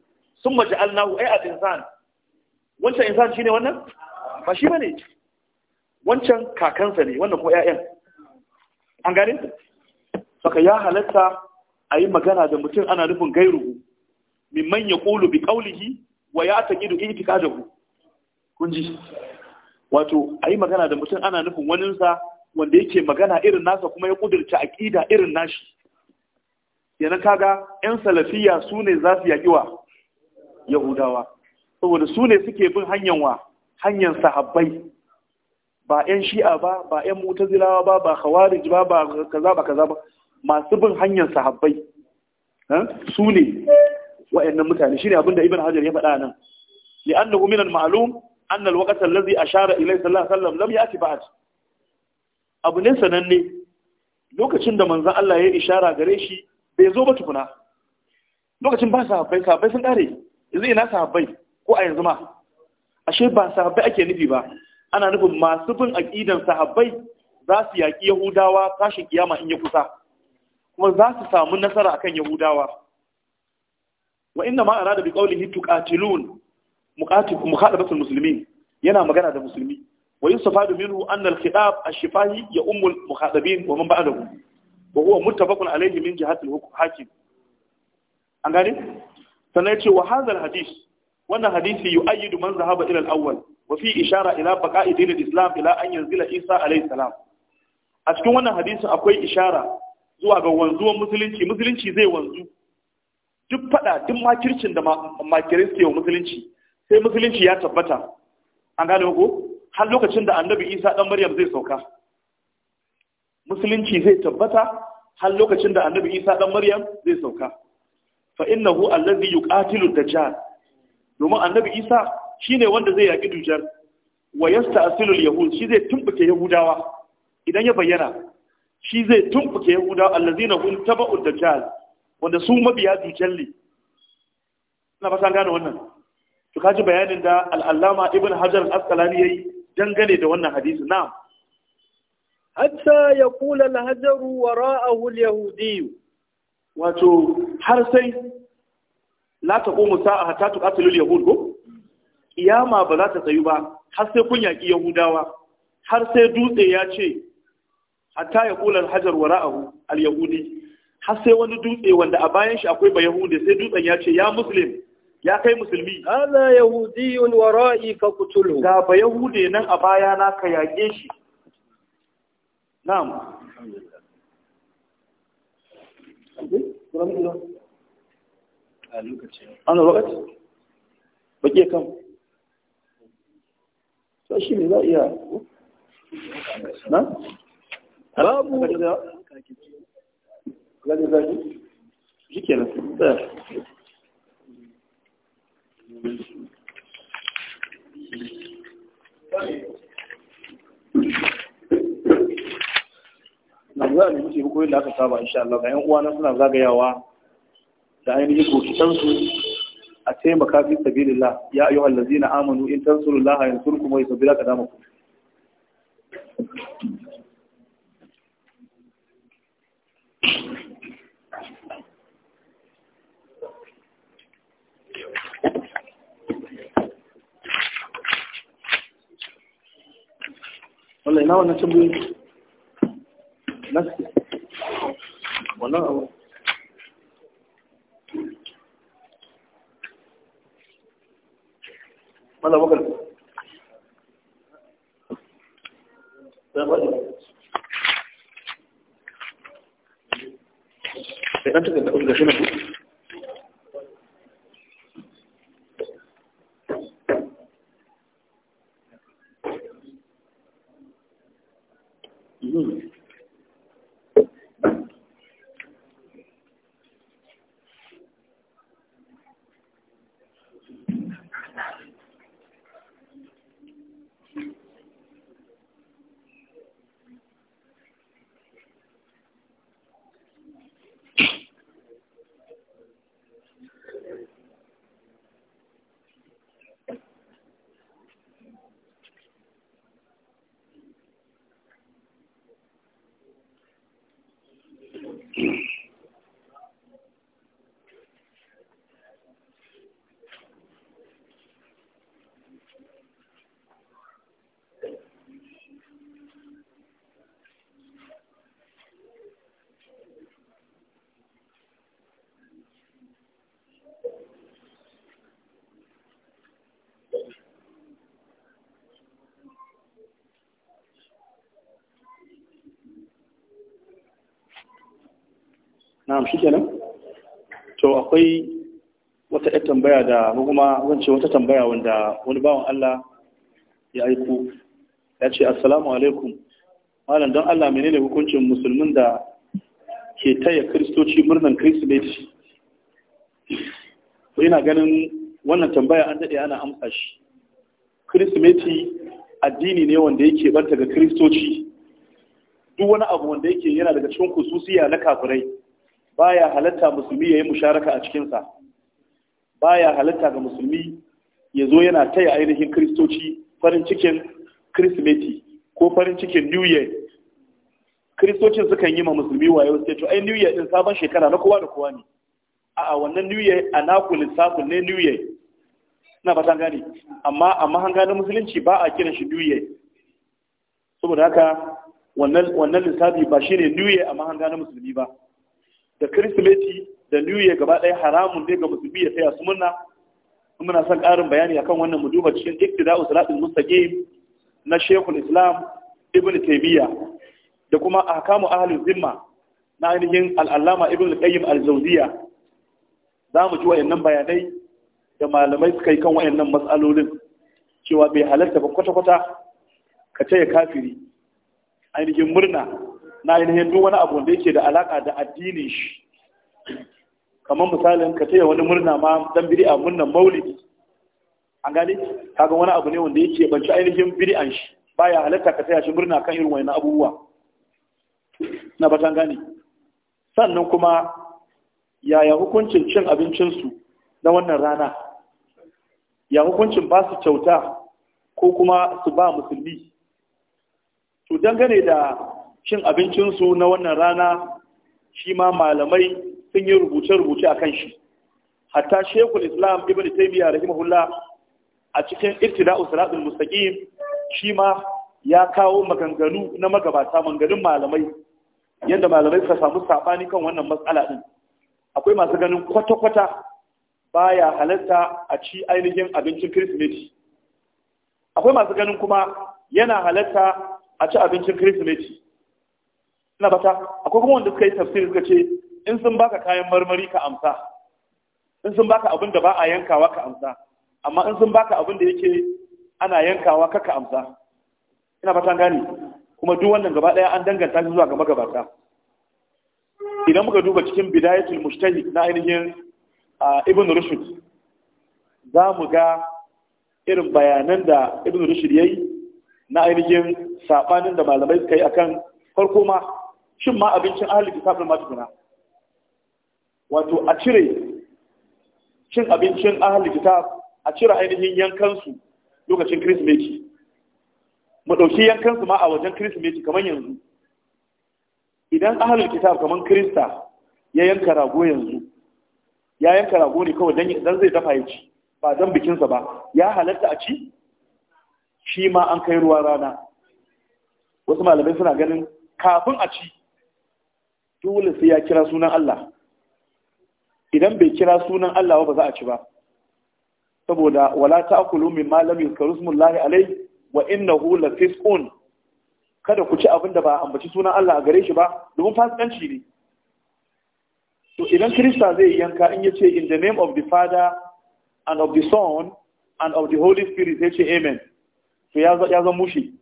sun maji Allahu ai al-insan wancan insan shine wannan ba shi bane wancan kakansa ne wannan ko ƴaƴan an gane saka ya halatta a yi magana da mutum ana nufin gairuhu min manya ƙulu bi ƙaulihi wa ya ta gidu itika da ku kun ji wato a yi magana da mutum ana nufin waninsa wanda yake magana irin nasa kuma ya ƙudurci aƙida irin nashi yana kaga 'yan salafiya su ne za su yaƙi wa yahudawa saboda su ne suke bin hanyar wa hanyar sahabbai ba 'yan shi'a ba ba 'yan mutazilawa ba ba khawarij ba ba kaza ba kaza ba masu bin hanyar sahabbai su ne wa'annan mutane Shi ne abinda ibn hajar ya faɗa nan li'annahu min ma'alum? malum anna al-waqt a share ilayhi sallallahu alaihi wasallam lam ya'ti ba'd abu ne sananne lokacin da manzan Allah ya ishara gare shi bai zo ba tukuna lokacin ba sahabbai sahabbai sun kare yanzu ina sahabbai ko a yanzu ma ashe ba sahabbai ake nufi ba ana nufin masu bin aqidan sahabbai za su yaki yahudawa tashin kiyama in ya kusa kuma za su samu nasara akan yahudawa wa inna ma arada bi qawlihi tuqatilun muqatil mukhalafatul muslimin yana magana da musulmi wa yustafadu minhu an al-khitab ash-shifahi ya ummul mukhatabin wa man ba'dahu wa huwa muttafaqun alayhi min jihati al-hakim an gane sannan yace wa hadha al-hadith wannan hadisi yu'ayyidu man zahaba ila al-awwal wa fi ishara ila baqa'i din al-islam ila an yanzila isa alayhi salam a cikin wannan hadisi akwai ishara zuwa ga wanzuwan musulunci musulunci zai wanzu duk fada duk makircin da makirai suke wa musulunci sai musulunci ya tabbata an gane ko har lokacin da annabi isa dan maryam zai sauka musulunci zai tabbata har lokacin da annabi isa dan maryam zai sauka fa innahu allazi yuqatilu dajjal domin annabi isa ne wanda zai yaki dujjal wa yasta'silu yahud shi zai tumbuke yahudawa idan ya bayyana shi zai tumbuke yahuda allazina hum taba'u dajjal wanda su mabiya dujjal ne ina fasa gane wannan to kaji bayanin da al-allama ibn hajar al-asqalani yayi dangane da wannan hadisi na'am hatta yaqula al-hajar wara'ahu al-yahudi wato har sai la taqumu sa'a hatta tuqatilu al-yahud ko kiyama ba za ta tsayu ba har sai kun yaki yahudawa har sai dutse ya ce hatta ya kula hajar wara'ahu al-yahudi har sai wani dutse wanda a bayan shi akwai ba yahudi sai dutsen ya ce ya muslim ya kai musulmi ala yahudiyun wara'i ka kutulu ga ba yahudi nan a baya na ka yage shi na'am lokaci ana lokaci kan to shi ne za iya na babu shi ke nan na za a nemi taimako yadda aka saba insha Allah ga 'yan uwana suna zagayawa da ainihin kokitansu a taimaka fi sabilillah ya ayyuhal ladzina amanu in tansurullaha yansurkum wa yusabbir damakum wallahi na wannan tambayoyi wannan abu Mm-hmm. na'am shikenan to akwai wata ɗan tambaya da kuma wance wata tambaya wanda wani bawan Allah ya aiko ya ce assalamu alaikum malam don Allah menene hukuncin musulmin da ke taya kristoci murnan krismeti ko ina ganin wannan tambaya an daɗe ana amsa shi krismeti addini ne wanda yake banta ga kristoci duk wani abu wanda yake yana daga cikin kususiya na kafirai baya halatta musulmi ya yi musharaka a cikinsa baya halatta ga musulmi ya zo yana taya ainihin kristoci farin cikin kirsimeti ko farin cikin new year kristocin suka yi ma musulmi wayo sai to ai new year din sabon shekara na kowa da kowa ne a'a wannan new year a naku lissafin ne new year ina fatan gane amma amma hanga na musulunci ba a kiran shi new year saboda haka wannan wannan lissafi ba shine new year amma hanga na musulmi ba da kirsimeti da new year gaba ɗaya haramun ne ga musulmi ya taya su murna in muna son ƙarin bayani akan wannan mu duba cikin iktida'u siratul mustaqim na shekul islam ibn taymiya da kuma ahkamu ahli zimma na ainihin al'allama ibn qayyim al-jawziya za mu ji wayannan bayanai da malamai suka yi kan wayannan matsalolin cewa bai halarta ba kwata-kwata ka taya kafiri ainihin murna na ainihin duk wani abu da yake da alaka da addinin shi kamar misalin ka taya wani murna ma dan bid'a murnan maulidi an gani kaga wani abu ne wanda yake banci ainihin bid'an shi baya halatta ka taya shi murna kan irin wani abubuwa na batan gane sannan kuma yaya hukuncin cin abincinsu na wannan rana ya hukuncin ba su kyauta ko kuma su ba musulmi to dangane da shin abincinsu na wannan rana shi ma malamai sun yi rubuce-rubuce a kan shi hatta shekul islam ibn taimiyya rahimahullah a cikin irtida'u siratul mustaqim shi ma ya kawo maganganu na magabata manganin malamai yadda malamai suka samu saɓani kan wannan matsala din akwai masu ganin kwata-kwata baya halatta a ci ainihin abincin kirsimeti akwai masu ganin kuma yana halatta a ci abincin kirsimeti ina bata akwai kuma wanda suka yi tafsir suka ce in sun baka kayan marmari ka amsa in sun baka abin da ba a yankawa ka amsa amma in sun baka abin da yake ana yankawa ka ka amsa ina fatan gani, kuma duk wannan gaba daya an danganta shi zuwa ga magabata idan muka duba cikin bidayatul mushtahi na ainihin ibn rushd za mu ga irin bayanan da ibn rushd yayi na ainihin sabanin da malamai suka yi akan farko ma shin ma abincin ahalin kitabin ma wato a cire cin abincin ahalin kitab a cire ainihin yankansu lokacin kirismeti mu ɗauki yankansu ma a wajen kirismeti kamar yanzu idan ahalin kitab kamar kirista ya yanka rago yanzu ya yanka rago ne kawai dan zai dafa ya ci ba dan bikinsa ba ya halatta a ci shi ma an kai ruwa rana wasu malamai suna ganin kafin a ci dole sai ya kira sunan Allah idan bai kira sunan Allah ba za a ci ba saboda wala ta'kulu mimma lam yuzkaru smullahi alai wa innahu fisqun kada ku ci abinda da ba ambaci sunan Allah a gare shi ba domin fasikanci ne to idan Kirista zai yanka in yace in the name of the father and of the son and of the holy spirit yace amen to ya zan mushi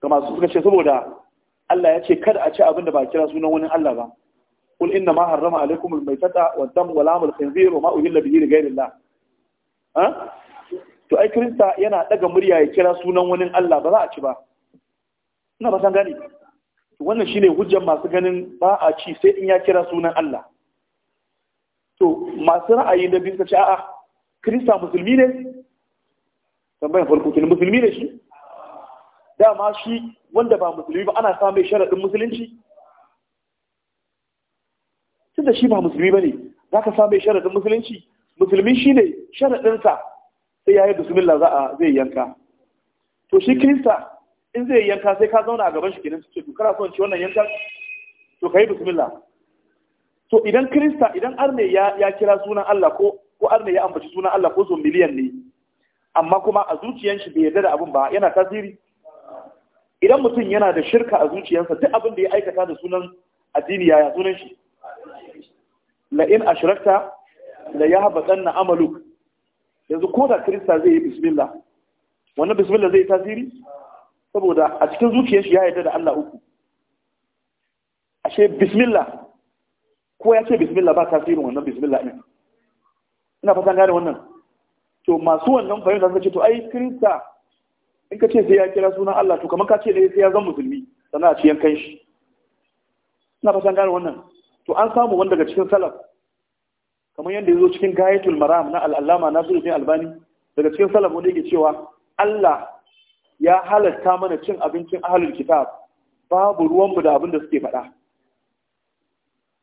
ga masu suka ce saboda Allah ya ce kada a ci abin da ba kira sunan wani Allah ba qul inna ma harrama alaikum al-maytata wa dam wa lamul khinzir wa ma uhilla bihi li ghayri Allah ha to ai kirista yana daga murya ya kira sunan wani Allah ba za a ci ba ina ba san gani wannan shine hujjar masu ganin ba a ci sai in ya kira sunan Allah to masu ra'ayi da bisa ce a'a kirista musulmi ne tambayar farko kenan musulmi ne shi dama shi wanda ba musulmi ba ana samun sharaɗin musulunci tunda shi ba musulmi ba ne za ka samun sharaɗin musulunci musulmi shi ne sharaɗinsa sai ya yi bismillah za a zai yanka to shi kirista in zai yanka sai ka zauna a gaban shi kenan suke kana son ci wannan yankan to ka yi bismillah to idan kirista idan arne ya kira sunan Allah ko ko arne ya ambaci sunan Allah ko zo miliyan ne amma kuma a zuciyan shi bai yarda da abin ba yana tasiri idan mutum yana da shirka a zuciyarsa duk abin da ya aikata da sunan addini yaya sunan shi la in ashrakta la yahbatanna amaluk yanzu ko da kirista zai yi bismillah wannan bismillah zai tasiri saboda a cikin zuciyarsa ya yarda da Allah uku ashe bismillah ko ya ce bismillah ba tasirin wannan bismillah ɗin ina fatan gane wannan to masu wannan fahimta suka ce to ai kirista in ka ce sai ya kira sunan Allah to kamar ka ce ne sai ya zama musulmi sannan a ciyan kai shi ina fatan gane wannan to an samu wanda daga cikin salaf kamar yadda ya zo cikin gayatul maram na al'allama na sulufin albani daga cikin salaf wanda yake cewa Allah ya halatta mana cin abincin ahalul kitab babu ruwanmu da abin da suke faɗa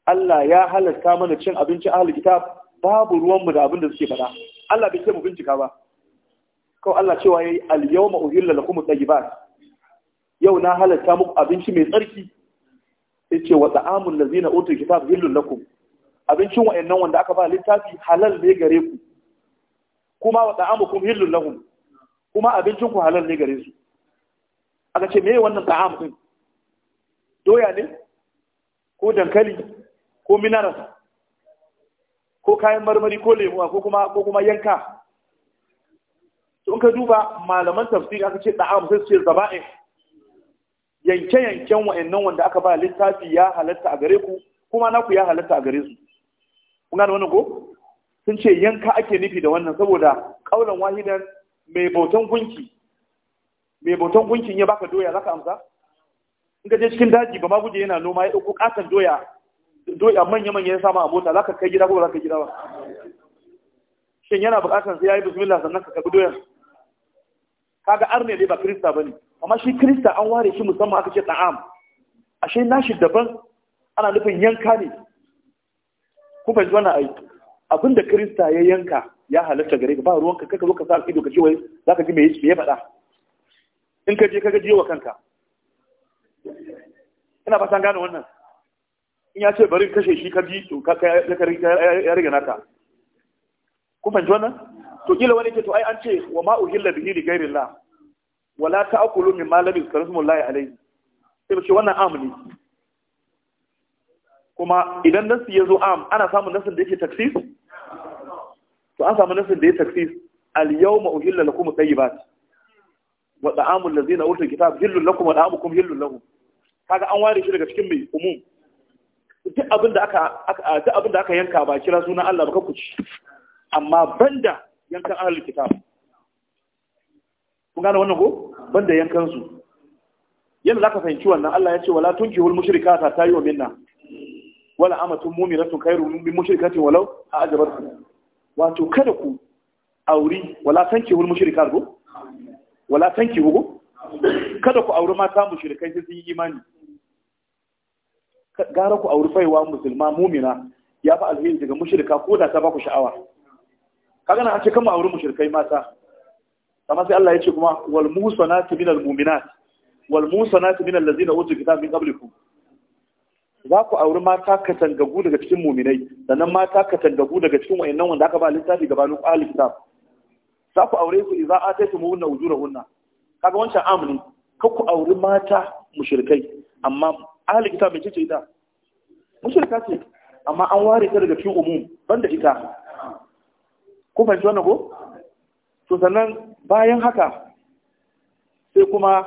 Allah ya halatta mana cin abincin ahalul kitab babu ruwanmu da abin da suke faɗa Allah bai ce mu bincika ba kawai Allah cewa yi al-yawma uhilla kuma at ba yau na halatta muku abinci mai tsarki Ya ce wa zina ladzina utul kitab da lakum abincin nan wanda aka ba littafi halal ne gare ku kuma wa kuma hillun lahum kuma abincin ku halal ne gare su aka ce meye wannan ta'am din doya ne ko dankali ko minaras ko kayan marmari ko lemuwa ko kuma ko kuma yanka to in ka duba malaman tafsiri aka ce da'am sai ce zaba'in yanke-yanken wa'annan wanda aka ba littafi ya halatta a gare ku kuma na ku ya halatta a gare su kun gane wannan ko sun ce yanka ake nufi da wannan saboda kaulan wahidan mai bautan gunki mai bautan gunkin ya baka doya zaka amsa in ka je cikin daji ba ma guje yana noma ya dauko katan doya doya manya manya ya sama a mota zaka kai gida ko ba zaka gida ba shin yana bukatar sai yayi bismillah sannan ka kabi doyan kaga arne ne ba krista ba ne amma shi krista an ware shi musamman aka ce ta'am ashe nashi daban ana nufin yanka ne ku fahimci wannan ai abin da krista ya yanka ya halatta gare ka ba ka kaka zo ka sa ido ka ce wai za ka ji me ya faɗa in ka je ka gaji wa kanka ina san gane wannan in ya ce bari kashe shi ka ji to ya rage naka ku fahimci wannan to kila wani ke to ai an ce wa ma uhilla bihi li Allah wala ta'kulu mimma lam yuzkar Allah alayhi sai mu ce wannan am ne kuma idan nasi ya zo am ana samun nasin da yake taksis to an samu nasin da yake taksis al yawma uhilla lakum tayyibat wa ta'amu ladzina utul kitab hillul lakum wa ta'amukum hillul lahum kaga an ware shi daga cikin mai umum duk abin da aka duk abin da aka yanka ba kira sunan Allah ba ka kuci amma banda yankan ahlul kitab kun gane wannan ko banda yankan su yanda zaka fahimci wannan Allah ya ce wala tunkihul mushrikata ta yi wa minna wala amatun mu'minatun khairun min mushrikatin walau a ajabarku. wato kada ku auri wala tankihul mushrikat go wala tankihu go kada ku auri mata mushrikai sai sun yi imani gara ku auri faiwa musulma mumina ya fi alheri daga mushrika ko da ta ba ku sha'awa kaga na an ce kan auren mushrikai mata kamar sai Allah ya ce kuma wal musanatu minal mu'minat wal musanatu minal ladzina utu kitab min qablikum za ku auri mata ka tangagu daga cikin muminai sannan mata ka tangagu daga cikin wayannan wanda aka ba littafi gabanin ahli kitab za ku aure su idza ataytumuhunna ujurahunna kaga wancan amni ka ku auri mata mushrikai amma ahli kitab bai ce ita mushrika ce amma an ware ta daga cikin umum banda ita ko fahimci wannan ko to sannan bayan haka sai kuma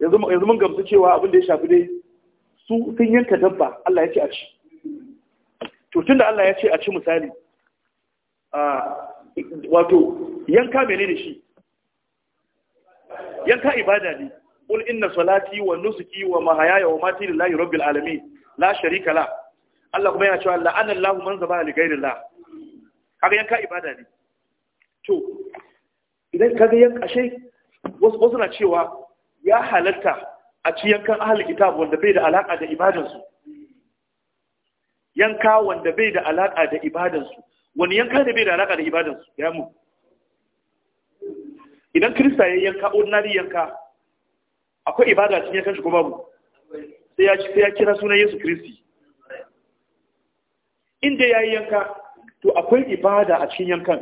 yanzu mun gamsu cewa abin da ya shafi dai su sun yanka dabba Allah ya ce a ci to tunda Allah ya ce a ci misali wato yanka menene shi yanka ibada ne qul inna salati wa nusuki wa mahayaya wa Matilillahi lillahi rabbil alamin la sharika la Allah kuma yana cewa la'ana Allahu man zaba li ghayrillah kaga yanka ibada ne to idan kaga yan kashe wasu wasu na cewa ya halatta a ci yankan ahalin kitab wanda bai da alaka da ibadansu yanka wanda bai da alaka da ibadansu wani yanka da bai da alaka da ibadansu ya mu idan kirista ya yanka ordinary yanka akwai ibada cikin yankan shi kuma babu sai ya kira sunan yesu kiristi inda ya yi yanka to akwai ibada a cikin yankan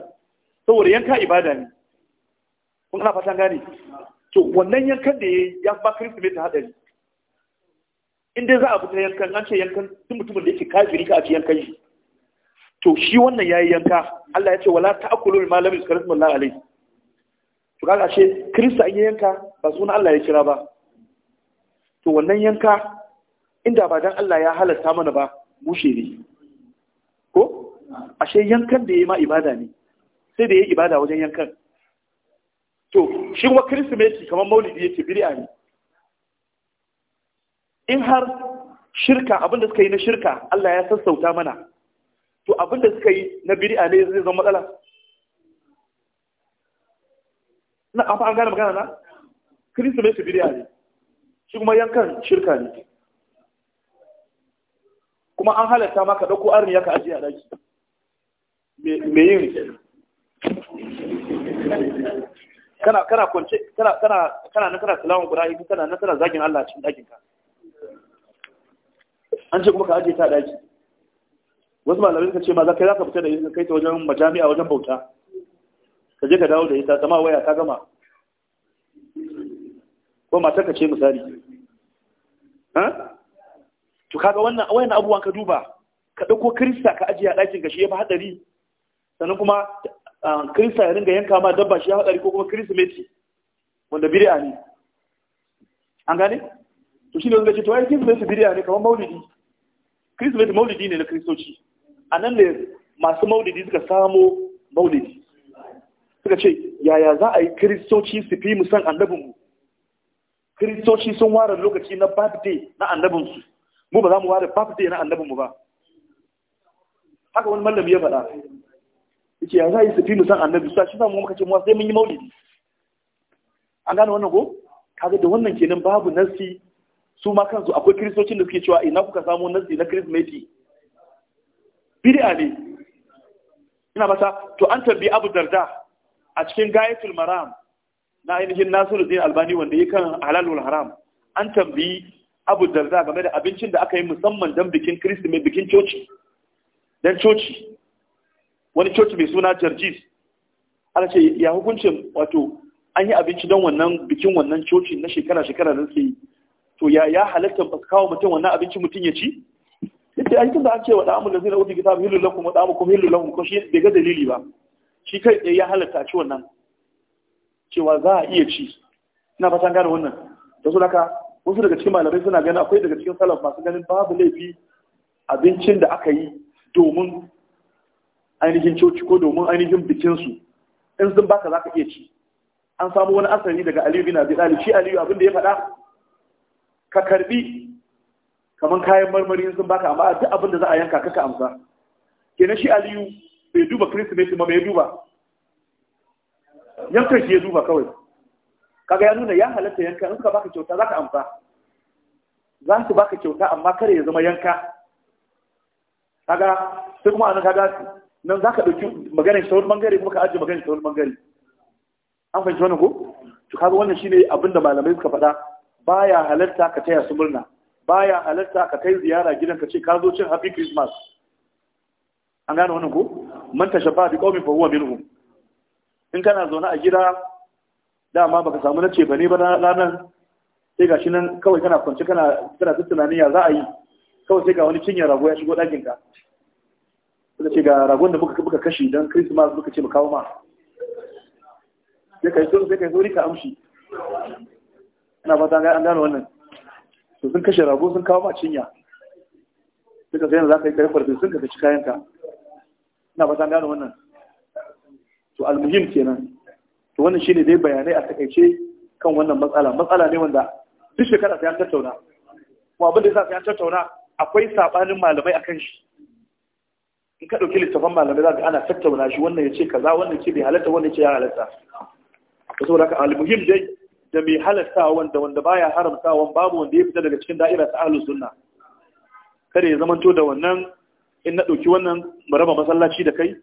saboda yanka ibada ne kuma ana fatan gane to wannan yankan da ya ya ba kirsimeti hadari in dai za a fita yankan an ce yankan tun mutumin da yake kafiri ka a cikin yankan shi to shi wannan yayi yanka Allah ya ce wala ta'kulu ma lam yuzkar ismullahi alayhi to kaga ce kirista an yanka ba sunan Allah ya kira ba to wannan yanka inda ba dan Allah ya halatta mana ba mushe ne ashe yankan da ya yi ma ibada ne sai da ya yi ibada wajen yankan to shi kuma kirsimeti kamar maulidi ya ce bid'a ne in har shirka abinda suka yi na shirka Allah ya sassauta mana to abinda suka yi na bid'a ne zai zama matsala na amfa an gane magana na kirsimeti bid'a ne shi kuma yankan shirka ne kuma an halatta maka ɗauko armiya ka ajiye a ɗaki me yin kana kana kwance kana kana kana na kana guda Qur'ani kana na kana zagin Allah cikin dakin ka an ce kuma ka aje ta daki wasu malamai suka ce ma za kai za ka fita da yin kai ta wajen majami'a wajen bauta ka je ka dawo da ita sama waya ta gama ko matar ka ce misali ha to kaga wannan wayan abubuwan ka duba ka dauko krista ka aje a dakin ka shi fi hadari sannan kuma kirista ya ringa yanka ma dabba shi haɗari ko kuma kirismeti wanda a ne an gane to shi ne wanda ce to ai kirismeti a ne kamar maulidi kirismeti maulidi ne na kiristoci a nan ne masu maulidi suka samo maulidi suka ce yaya za a yi kiristoci su fi mu san annabinmu kiristoci sun ware lokaci na birthday na annabinsu mu ba za mu ware birthday na annabinmu ba haka wani mallam ya faɗa yace ya za yi su fi san annabi sa a mu muka ce mu sai mun yi maulidi an gane wannan ko kaga da wannan kenan babu nasi su ma kansu akwai kiristocin da suke cewa ina kuka samu nasi na kirismeti bid'a ne ina mata to an tambayi Abu Darda a cikin Gayatul Maram na ainihin Nasiruddin Albani wanda yake kan halalul haram an tambayi Abu Darda game da abincin da aka yi musamman dan bikin Kirsimeti bikin coci dan coci wani coci mai suna jarjis ana ce ya hukuncin wato an yi abinci don wannan bikin wannan coci na shekara-shekara da suke yi to ya ya halatta ba kawo mutum wannan abinci mutum ya ci yadda an da an ce wa da'amun da zai na wuce gita bi hillu lakum wa da'amun kuma hillu lakum ko shi bai ga dalili ba shi kai ɗaya ya halatta ci wannan cewa za a iya ci ina fatan gane wannan da su haka wasu daga cikin malamai suna ganin akwai daga cikin salaf masu ganin babu laifi abincin da aka yi domin ainihin coci ko domin ainihin bikinsu in sun baka za ka iya ci an samu wani asali daga aliyu bin abi talib shi aliyu abin da ya faɗa ka karbi kamar kayan marmari in sun baka amma duk abin da za a yanka kaka amsa kenan shi aliyu bai duba kristimeti ma bai duba yankan shi ya duba kawai kaga ya nuna ya halatta yanka in suka baka kyauta za ka amsa za su baka kyauta amma kare ya zama yanka kaga sai kuma nan kaga nan za ka ɗauki maganin ta wani bangare kuma ka ajiye maganin ta wani bangare an fahimci wannan ko to kaga wannan shine abin da malamai suka faɗa baya halarta ka taya su murna baya halarta ka kai ziyara gidan ka ce ka zo cin happy christmas an gane wannan ko man tashabba bi qaumin fa huwa minhum in kana zaune a gida dama baka samu na ce bane ba ranar sai ga shi nan kawai kana kwance kana kana ta ya za a yi kawai sai ga wani cinye rago ya shigo ɗakin ka suka ce ga ragon da muka kashe don Christmas muka ce mu kawo ma sai ka yi sai ka amshi ina ta gaya an gano wannan to sun kashe rago sun kawo ma cinya suka sai za ka yi karfar da sun ka ci kayanka. ina fata an gano wannan to almuhim kenan to wannan shine dai bayanai a takaice kan wannan matsala matsala ne wanda duk shekara sai an tattauna kuma abin da yasa sai an tattauna akwai sabanin malamai akan shi in ka ɗauki littafan malamai za ka ana tattauna shi wannan ya ce kaza wannan ce bai halatta wannan ce ya halatta Ka saboda haka almuhim dai da mai halatta wanda wanda baya haramta wani babu wanda ya fita daga cikin da'ira ta ahlus sunna kada ya zamanto da wannan in na ɗauki wannan mu raba masallaci da kai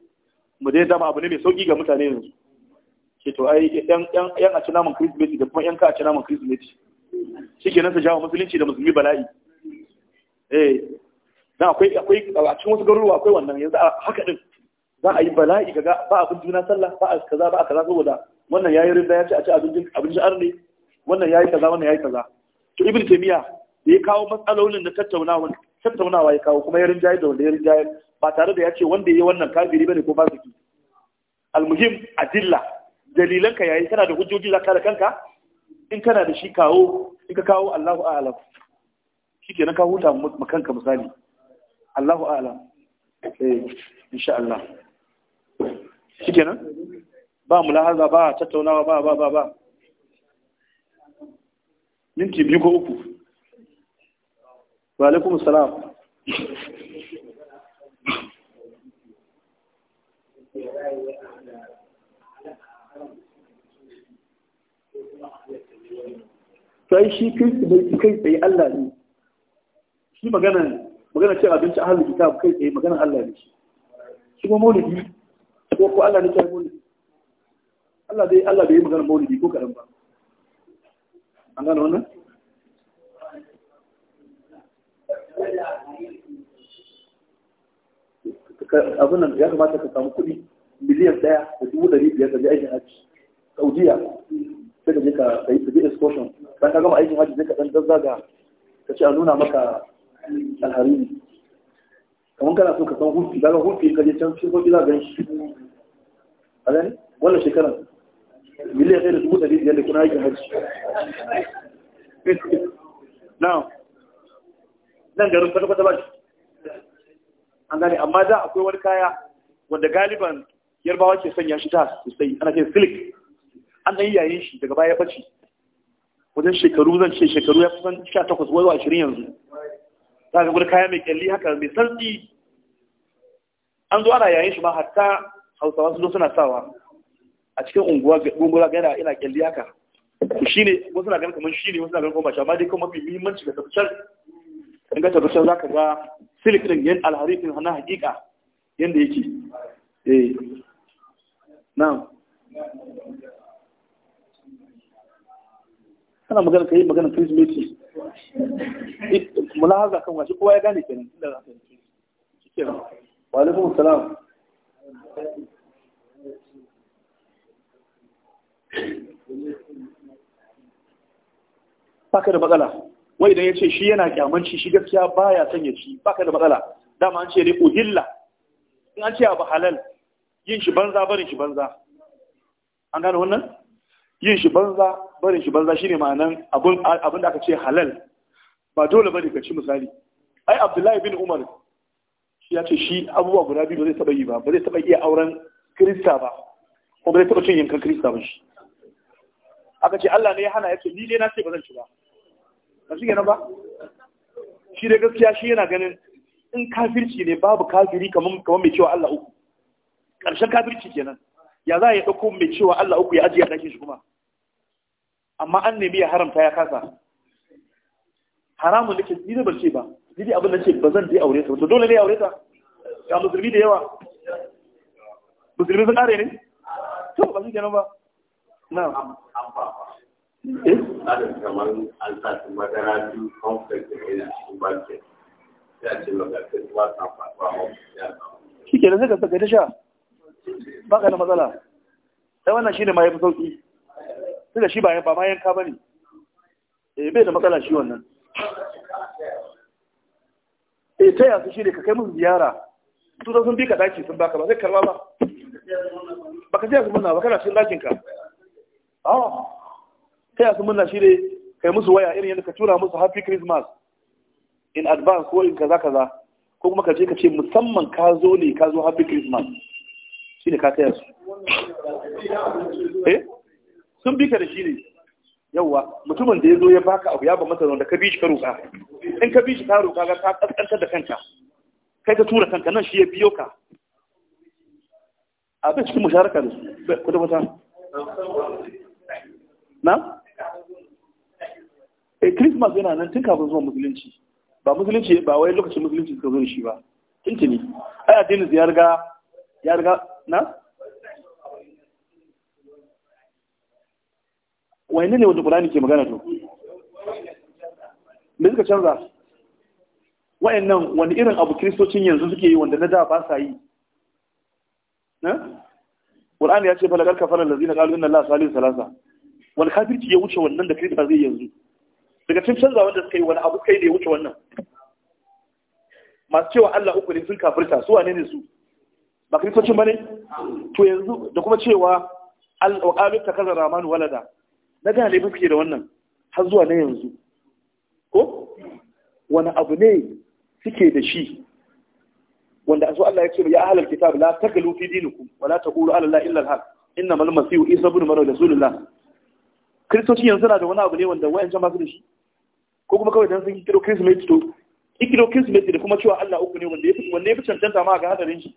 mu dai dama abu ne mai sauƙi ga mutane yanzu ce to ai yan yan yan a cinaman kirismeti da kuma yan ka a cinaman krismeti shikenan su jawo musulunci da musulmi bala'i eh dan akwai akwai a cikin wasu garuruwa akwai wannan yanzu haka din za a yi bala'i kaga ba abin juna sallah ba a kaza ba a kaza saboda wannan yayi rinda ya ce a ci abin abincin arne wannan yayi kaza wannan yayi kaza to ibn taymiya da ya kawo matsalolin na tattaunawa tattaunawa ya kawo kuma ya rinjaye da wanda ya rinjaye ba tare da ya ce wanda ya yi wannan kafiri bane ko ba su almuhim adilla ka yayi kana da hujjoji za ka da kanka in kana da shi kawo in ka kawo Allahu a'lam shikenan ka huta makanka misali Allahu ala, eh, in sha Allah shikenan ba lahaza ba tattaunawa ba ba ba ba minti biyu ko uku wa alaikum salam sai shi kai tsaye Allah ne shi magana magana cin abinci a halin kitab kai tsaye magana Allah ne shi shi kuma maulidi ko ko Allah ne yi maulidi Allah bai Allah bai magana maulidi ko kadan ba an gano wannan abin nan ya kamata ka samu kuɗi miliyan ɗaya da dubu ɗari biyar da aikin hajji saudiya sai ka je ka yi excursion bayan ka gama aikin hajji sai ka ɗan zazzaga ka ce a nuna maka alhariri kamar kana son ka san hufi daga hufi ka je can cikin sauki za gan shi a gani wannan shekarar miliyan ɗaya da dubu ɗari biyar da kuna aikin hajji na nan garin kwata-kwata ba shi an gane amma da akwai wani kaya wanda galiban yarbawa ke sanya shi ta sosai ana ce silik an ɗan yayin shi daga baya bace wajen shekaru zan ce shekaru ya kusan 18 wai 20 yanzu za gudu kaya mai kyalli haka mai sarki an zo ana yayin shi ma hatta hausawa su zo suna sawa a cikin unguwa gungura gaira ina kyalli haka shi ne wasu na ganin kamar shi ne wasu na ganin kuma bashi. amma dai kuma mafi muhimmanci ga tabbatar in ga tabbatar za ka ga silik din yan alharifin hana na hakika yadda yake eh na'am kana magana kai magana Kirsimeti. mulahaza kan wace kowa ya gane kenan inda za ka baka da matsala wai idan ya ce shi yana kyamanci shi gaskiya baya son ya ci baka da matsala dama an ce ne uhilla in an ce abu halal yin shi banza barin shi banza an gane wannan yin shi banza barin shi banza shine ma'anan abin da aka ce halal ba dole bane ka ci misali ai abdullahi bin umar ya ce shi abubuwa guda biyu ba zai taba yi ba ba zai taba iya auren kirista ba ko ba zai taba cin yankan kirista ba shi aka ce Allah ne ya hana ya ce ni ne na ce ba zan ci ba ba shi ba shi dai gaskiya shi yana ganin in kafirci ne babu kafiri kamar mai cewa Allah uku Karshen kafirci kenan ya za a yi ɗauko mai cewa Allah uku ya ajiye a ɗakin shi kuma amma an nemi ya haramta ya kasa haramun nake ni da ce ba ni abin da ce ba zan je aure ta to dole ne aure ta ga musulmi da yawa musulmi sun kare ne to ba su kenan ba eh? na eh kamar da yana kenan ka saka ta sha ba ka da matsala sai wannan ne ma fi sauki tunda shi ba ma yanka ne. E, bai da matsala shi wannan eh ta yasu shi ne ka kai mun ziyara su sun bi ka daki sun baka ba zai karba ba ba ka su munna ba kana cikin dakin ka ah. ta yasu munna shi ne kai musu waya irin yadda ka tura musu happy christmas in advance ko in kaza kaza ko kuma ka je ka ce musamman ka zo ne ka zo happy christmas shi ne ka ta su eh sun bi ka da shi ne yawwa mutumin da ya zo ya baka abu ya ba masa wanda ka bi shi ka roƙa in ka bi shi ka roƙa ga ka kaskantar da kanka kai ka tura kanka nan shi ya biyo ka a bai cikin musharaka da su kuda wata na? e christmas yana nan tun kafin zuwa musulunci ba musulunci ba wai lokacin musulunci suka zo da shi ba tuntuni ai addinin ya riga ya riga na? wani ne wanda ƙulani ke magana to me suka canza wayannan wani irin abu kiristocin yanzu suke yi wanda na da ba sa yi na Qur'ani ya ce fa laqad da zina qalu inna allaha salihu salasa wani kafirci ya wuce wannan da kirista zai yanzu daga cin canza wanda suka yi wani abu kai da ya wuce wannan masu cewa Allah uku ne sun kafirta su wane ne su ba kristocin ne? to yanzu da kuma cewa al ta takazzara ramanu walada na da ne kuke da wannan har zuwa na yanzu ko wani abu ne suke da shi wanda azu Allah ya ce ya ahlal kitab la tagalu fi dinikum wa la taqulu ala la illa al-haq inna mal masihu isa ibn maryam rasulullah kristoci yanzu na da wani abu ne wanda wayan jama'a su da shi ko kuma kawai dan sun kiro christmas to kiro christmas da kuma cewa Allah uku ne wanda yafi wanda yafi cancanta ma ga hadarin shi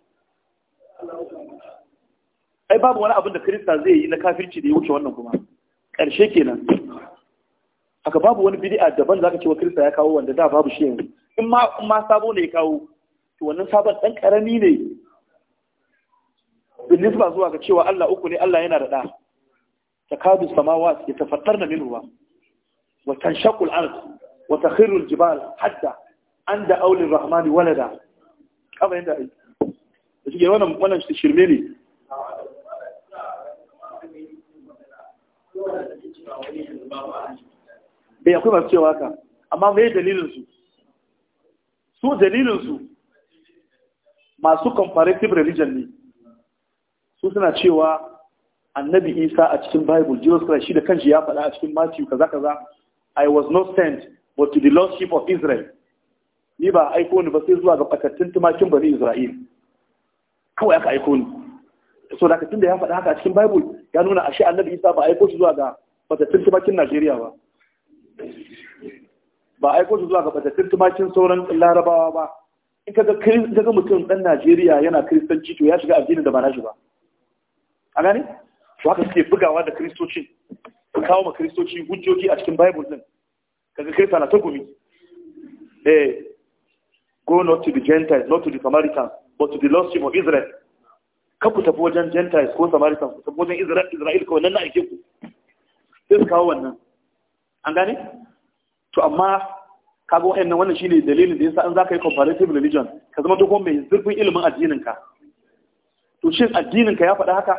ai babu wani abin da krista zai yi na kafirci da ya wuce wannan kuma ƙarshe kenan haka babu wani bid'a daban zaka ce wa kirista ya kawo wanda da babu shi yanzu in ma in ma sabo ne ya kawo to wannan sabon dan karami ne bin nisba zuwa ga cewa Allah uku ne Allah yana da da takadu samawat min ruwa. wa tanshaqu al-ard wa takhiru al-jibal hatta anda auli rahman walada kama yanda ai shi wannan wannan shirme ne bai eh, akwai masu cewa haka amma me yi su su dalilinsu masu comparative religion ne su suna cewa annabi Isa a cikin Bible Jesus Christ shi da kan ya faɗa a cikin Matthew kaza kaza I was not sent but to the lordship of Israel ni ba aiko ni ba sai zuwa ga fatattun tumakin bari Isra'il kawai aka aiko ni so da tun da ya faɗa haka a cikin Bible ya nuna ashe annabi Isa ba aiko shi zuwa ga fatattun tumakin Najeriya ba ba aiko su zuwa ga batattun tumakin sauran larabawa ba in ka ga mutum dan Najeriya yana kristanci to ya shiga addinin da ba na shi ba a gani? to haka suke bugawa da kristoci su kawo ma kristoci hujjoji a cikin bible din ga kirista na ta gumi eh go not to the gentiles not to the samaritans but to the lost sheep of israel ka ku tafi wajen gentiles ko samaritans ku tafi wajen israel kawai nan na aike ku sai su kawo wannan an gane to amma kaga wa'annan wannan shine dalilin da yasa an ka yi comparative religion ka zama duk mai zurfin ilimin addininka. ka to shin addinin ya faɗa haka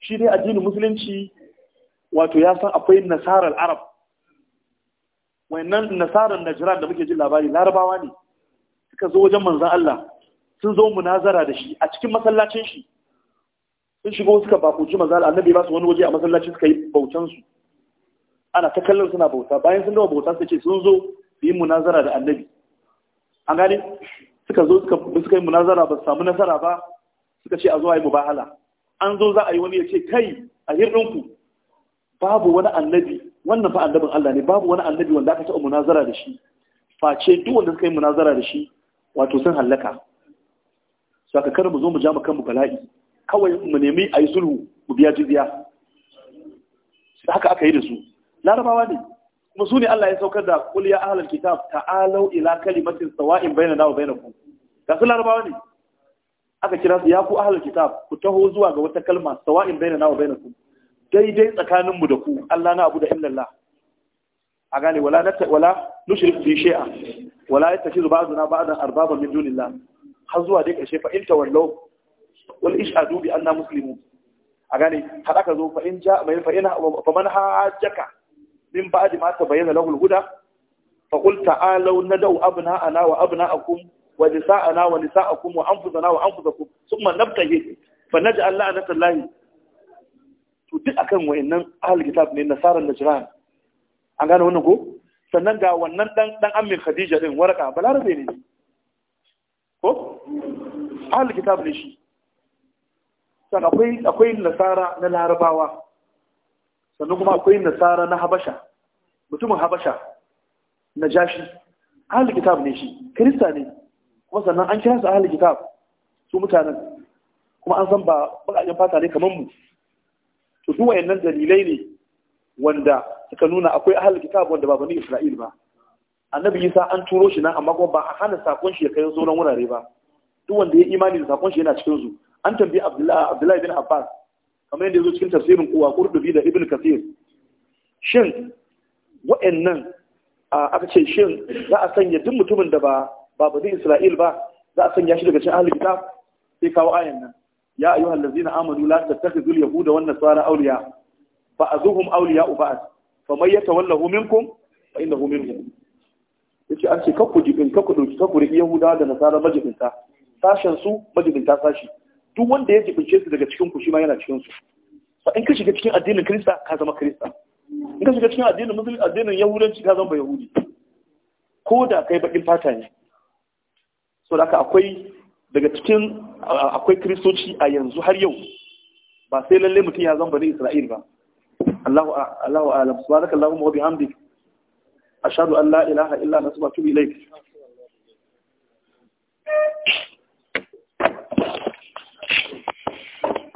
shi dai addinin musulunci wato ya san akwai nasarar arab nan nasarar najran da muke jin labari larabawa ne suka zo wajen manzan Allah sun zo munazara da shi a cikin masallacin shi sun shigo suka bakuci manzon annabi ba su wani waje a masallacin suka yi bautansu. su ana ta kallon suna bauta bayan sun gama bauta su ce sun zo su yi munazara da annabi an gane suka zo suka yi munazara ba su samu nasara ba suka ce a zo a yi mubahala an zo za a yi wani ya ce kai a hirɗinku babu wani annabi wannan fa annabin Allah ne babu wani annabi wanda aka taɓa munazara da shi face duk wanda suka yi munazara da shi wato sun hallaka aka kar mu zo mu ja mu kanmu bala'i kawai mu nemi a yi sulhu mu biya jizya haka aka yi da su larabawa ne kuma su ne Allah ya saukar da kul ya ahlal kitab ta'alu ila kalimatin sawa'in bainana wa bainakum ga su larabawa ne aka kira su ya ku ahlal kitab ku taho zuwa ga wata kalma sawa'in bainana wa bainakum daidai tsakanin mu da ku Allah na abu da illallah a gane wala nata wala nushrik fi shay'a wala yattakhidhu ba'duna ba'dan arbaba min dunillah har zuwa dai karshe fa in tawallaw wal ishhadu bi anna muslimun a gane har aka zo fa in ja mai fa ina fa man hajjaka min ba'di ma tabayyana lahu al-huda fa qul ta'alu nad'u abna'ana wa abna'akum wa nisa'ana wa nisa'akum wa anfusana wa anfusakum thumma nabtahi fa naj'al la'nata Allah to duk akan wayannan ahlul kitab ne nasaran najran an gane wannan ko sannan ga wannan dan dan ammi khadija din waraka balarabe ne ko ahlul kitab ne shi sannan akwai nasara na larabawa sannan kuma akwai nasara na habasha mutumin habasha na jashi ahli kitab ne shi kirista ne kuma sannan an kira su ahli kitab su mutanen kuma an san ba bakajen fata ne kamar mu to duk wayannan dalilai ne wanda suka nuna akwai ahli kitab wanda ba bani isra'il ba annabi isa an turo shi nan amma kuma ba a hana sakon shi ya kai sauran wurare ba duk wanda ya imani da sakon shi yana cikin su an tambayi abdullahi bin abbas kamar yadda yazo cikin tafsirin kuwa qurdubi da ibn Kafir. shin wa'annan aka ce shin za a sanya duk mutumin da ba ba zai isra'il ba za a sanya shi daga cin ahlul kitab sai kawo ayan nan ya ayyuhal ladzina amanu la tattakhidhul yahuda auliya uba awliya ba'dhuhum awliya'u ba'd faman yatawallahu minkum fa innahu minhum yace an ce kakku jibin kakku dauki kakku riki yahuda da nasara majibinta sashen su majibinta sashi duk wanda ya jibince su daga cikin kushi ma yana cikin su fa in ka shiga cikin addinin Kirista ka zama Kirista in ka shiga cikin addinin Musulmi addinin Yahudanci ka zama Yahudi ko da kai bakin fata ne so da akwai daga cikin akwai Kiristoci a yanzu har yau ba sai lalle mutum ya zama bani Isra'il ba Allahu Allahu a'lam Allahumma wa bihamdika ashhadu an la ilaha illa anta astaghfiruka wa atubu ilayk